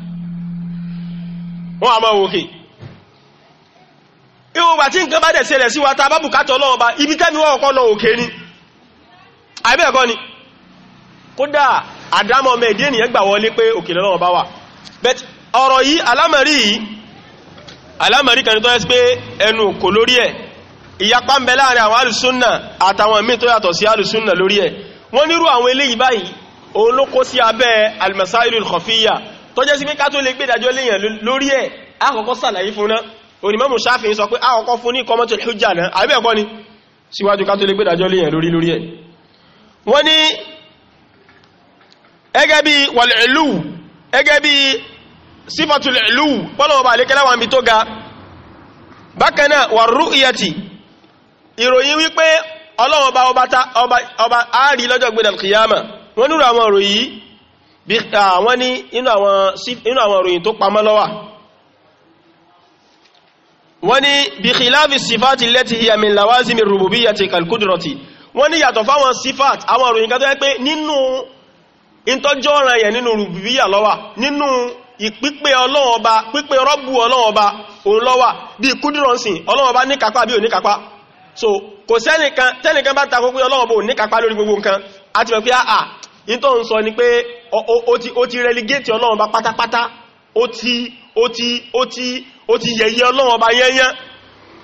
wọ́n a máa wòkè ìwọ̀n wà tí nǹkan bá dẹ̀ ṣẹlẹ̀ sí wa ta bá bùkátọ̀ lọ́wọ́ bá ibi tẹ́mi wọ́n kọ́ lọ òkè ni àìbẹ́ ẹ̀kọ́ ni kódà àdámọ́ mẹ́ẹ̀dé ènìyàn gbà wọlé pé òkè lọ́wọ́ bá wà but ọ̀rọ̀ yìí alámọ̀rí yìí alámọ̀rí kan tó yẹ pé ẹnu kò lórí ẹ̀ ìyapa ń bẹ láàrin àwọn alùsúnnà àtàwọn míì tó yàtọ̀ sí alùsúnnà lórí ẹ̀ wọ́n nírú sí abẹ́ almasailul khafiyya tó jẹ́ sí pé ká tó lè gbédàjọ́ léyàn lórí ẹ̀ àkọ́kọ́ sàlàyé fún náà onímọ̀mù sáfihàn sọ pé àkọ́kọ́ fún ní kọmọ́tò ìhújà náà àbẹ́ ni síwájú ká tó lè gbédàjọ́ léyàn lórí lórí ẹ̀ wọ́n ní ẹgẹ́ bí wàlẹ̀lú ẹgẹ́ bí sífàtùlẹ̀lú pọ́lọ̀wọ̀bà lékẹ́láwà mi tó ga bákan náà wà rú ìyàtì ìròyìn wípé ọlọ́wọ̀bà ọba àárí lọ́jọ́ gbédàl kìyàmà wọ́n ní inú àwọn ìròyìn tó pamọ́ lọ́wà wọ́n ní bí kìláàfi sífàtì lẹ́tì ìyàmì làwází mi rùbùbí yàtì kàlùkùdùrọ̀tì wọ́n ní yàtọ̀ fáwọn sífàtì àwọn ìròyìn kan tó yẹ pé nínú ìtọ́jọ́ ọ̀ràn yẹn nínú rùbùbí yà lọ́wà nínú ìpípé Ọlọ́run Ọba pípé rọ́bù Ọlọ́run Ọba òun lọ́wà bí kúdùrọ̀nsìn Ọlọ́run Ọba ní kápá so kò sẹ́nìkan tẹ́nìkan bá takó pé Ọlọ́run Ọba ò ní kápá lórí gbogbo nǹkan ìtọ́ ń sọ ni pé ó ti relegate ọlọ́run bá pátápátá ó ti ó ti ó ti ó ti yẹ̀yẹ́ ọlọ́run ọba yẹ́yẹ́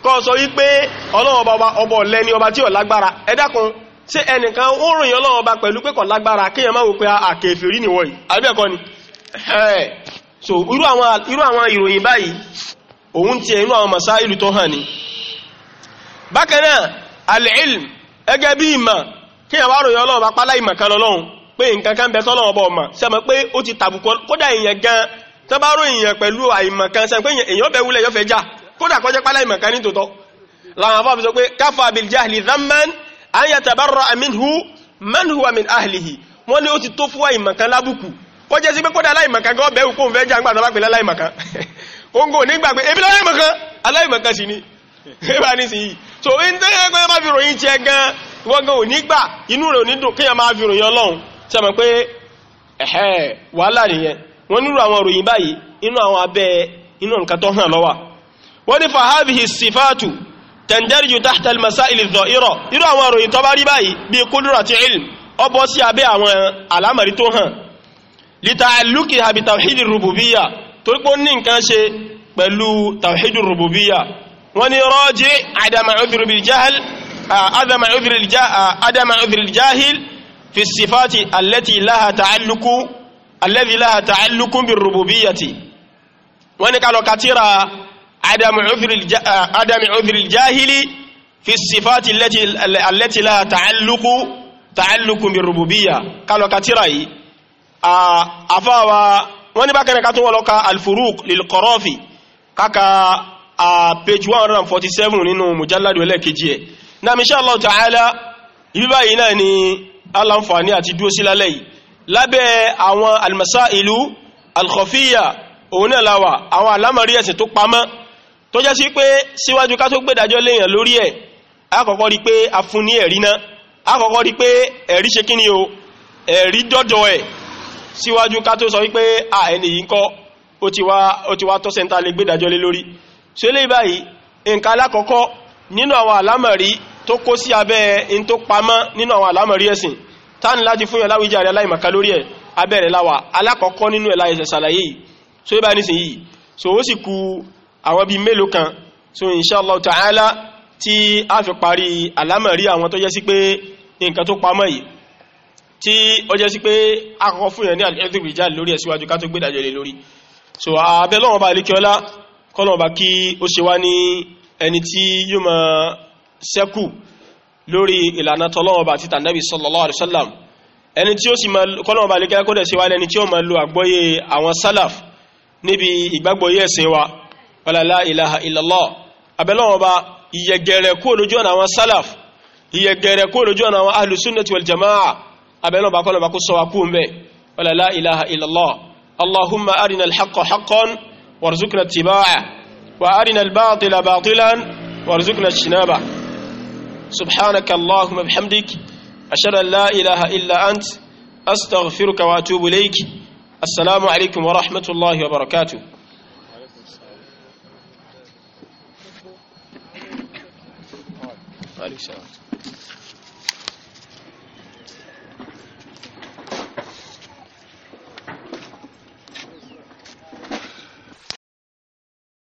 kọ́ sọ wípé ọlọ́run ọba ọbọ̀ lẹ́ni ọba tí ó lágbára ẹ dákun ṣé ẹnìkan ó rìn ọlọ́run ọba pẹ̀lú pé lágbára kíyàn máa wò pé àkèfèrí ah, ah, nìwọ̀ yìí àbẹ́ẹ̀kọ́ ni so ìròyìn báyìí pé nǹkan kan bẹ tọ́lọ́wọ́ bọ̀ ọmọ sẹ́mọ̀ pé ó ti tàbùkọ́ kódà èèyàn gan tán bá ròyìn èèyàn pẹ̀lú àìmọ̀kan sẹ́mọ̀ pé èèyàn bẹ̀ wúlẹ̀ yọ́fẹ́ já kódà kọjẹ́ pálá ìmọ̀kan ní tòótọ́ làwọn afọ́ àfisọ pé káfà bil jahli dhamman an yatabarra minhu man huwa min ahlihi wọ́n ní ó ti tó fún àìmọ̀kan lábùkù kọjẹ́ sí pé kódà láìmọ̀kan gan bẹ̀rù kóhùn fẹ́ já ń *laughs* gbà tán bá pè láìmọ̀kan kóńgò nígbà pé ebi láìmọ̀kan aláìmọ̀kan sì ni *laughs* ẹbá ní sí yìí so in tẹ́yẹ́ pé má fi ròyìn tiẹ̀ gan wọ́n gan ò nígbà inú rẹ̀ ò ní dùn kéèyàn máa fi ròyìn ọlọ́run tí a mọ̀ pé ẹ̀hẹ́ wàhálà nìyẹn wọ́n nílò àwọn òròyìn báyìí inú àwọn abẹ́ inú nǹkan tó hàn lọ́wà wọ́n ní fàhábìhì sífàtù tẹ̀ndẹ́rìjù tahtal masáìlì zọ irọ́ irú àwọn òròyìn tó bá rí báyìí bí kúdúrà ti ilm ọ bọ́ sí abẹ́ àwọn àlámọ̀rí tó hàn lítà lùkì àbí tàwíìdì rùbùbíyà torí pé في الصفات التي لها تعلق الذي لها تعلق بالربوبية وأن قالوا كثيرا عدم عذر الج... عدم عذر الجاهل في الصفات التي التي لها تعلق تعلق بالربوبية قالوا كثيرا أفاوا وأن بقى نكتب ولوكا الفروق للقرافي كاكا page 147 nínú mujalladu ẹlẹ́kejì ẹ̀ náà insha Allah ta'ala ibi báyìí náà ni aláǹfààní àti dúó sí lálẹ́ yìí lábẹ́ àwọn almasailu alkhafiyya òun náà láwà àwọn alámọ̀rí ẹ̀sìn tó pamọ́ tó jẹ́ sí pé síwájú ká tó gbẹ́dájọ́ léèyàn lórí ẹ̀ àkọ́kọ́ rí pé a fún ní ẹ̀rí náà àkọ́kọ́ rí pé ẹ̀rí ṣe kíni o ẹ̀rí dọ́dọ̀ ẹ̀ síwájú ká tó sọ wípé à ẹni yìí kọ́ ó ti wá ó sẹ́ńtà lè gbẹ́dájọ́ lé lórí ṣe lè báyìí nǹkan alákọ̀ọ́kọ́ nínú àwọn alámọ̀rí tó kó sí abẹ́ in tó pamọ́ nínú àwọn àlámọ̀rí ẹ̀sìn táàni láti fún yàn láwíjà rẹ̀ aláìmọ̀ká lórí ẹ̀ abẹ́rẹ̀ láwà alákọ̀ọ́kọ́ nínú ẹ̀lá ẹ̀sẹ̀ sàlàyé yìí so ibà nísìn yìí so ó sì kù àwọn bíi mélòó kan so inshallah ta'ala tí a fi parí àlámọ̀rí àwọn tó jẹ́ sí pé nǹkan tó pamọ́ yìí tí ó jẹ́ sí pé akọ̀kọ́ fún yàn ní àdìrìjà lórí ẹ̀ síwájú ká tó gbé ìdájọ́ lé lórí so abẹ́ lọ́wọ́n bá alékiọlá kọ́lọ́wọ́n bá kí ó ṣe wá ní ẹni tí yóò máa sẹ́kù lórí ìlànà tọ́lọ́wọ́ba àti tànàbí sallallahu alaihi wasallam ẹni tí ó sì máa kọ́lọ̀wọ́ba alékẹ́ kó dẹ̀ sí wá lẹ́ni tí ó máa lo àgbọ́yé àwọn salaf níbi ìgbàgbọ́yé ẹ̀sìn wa wala la ilaha illallah abẹ́lọ́wọ́ba ìyẹgẹrẹ kó lójú ọ̀nà àwọn salaf ìyẹgẹrẹ kó lójú ọ̀nà àwọn ahlu sunnati wal jamaa abẹ́lọ́wọ́ba kọ́lọ̀wọ́ba kó sọ wa kú mbẹ́ wala la ilaha illallah allahumma arina alhaqqa haqqan warzuqna سبحانك اللهم بحمدك أشهد أن لا إله إلا أنت أستغفرك وأتوب إليك السلام عليكم ورحمة الله وبركاته عليك السلام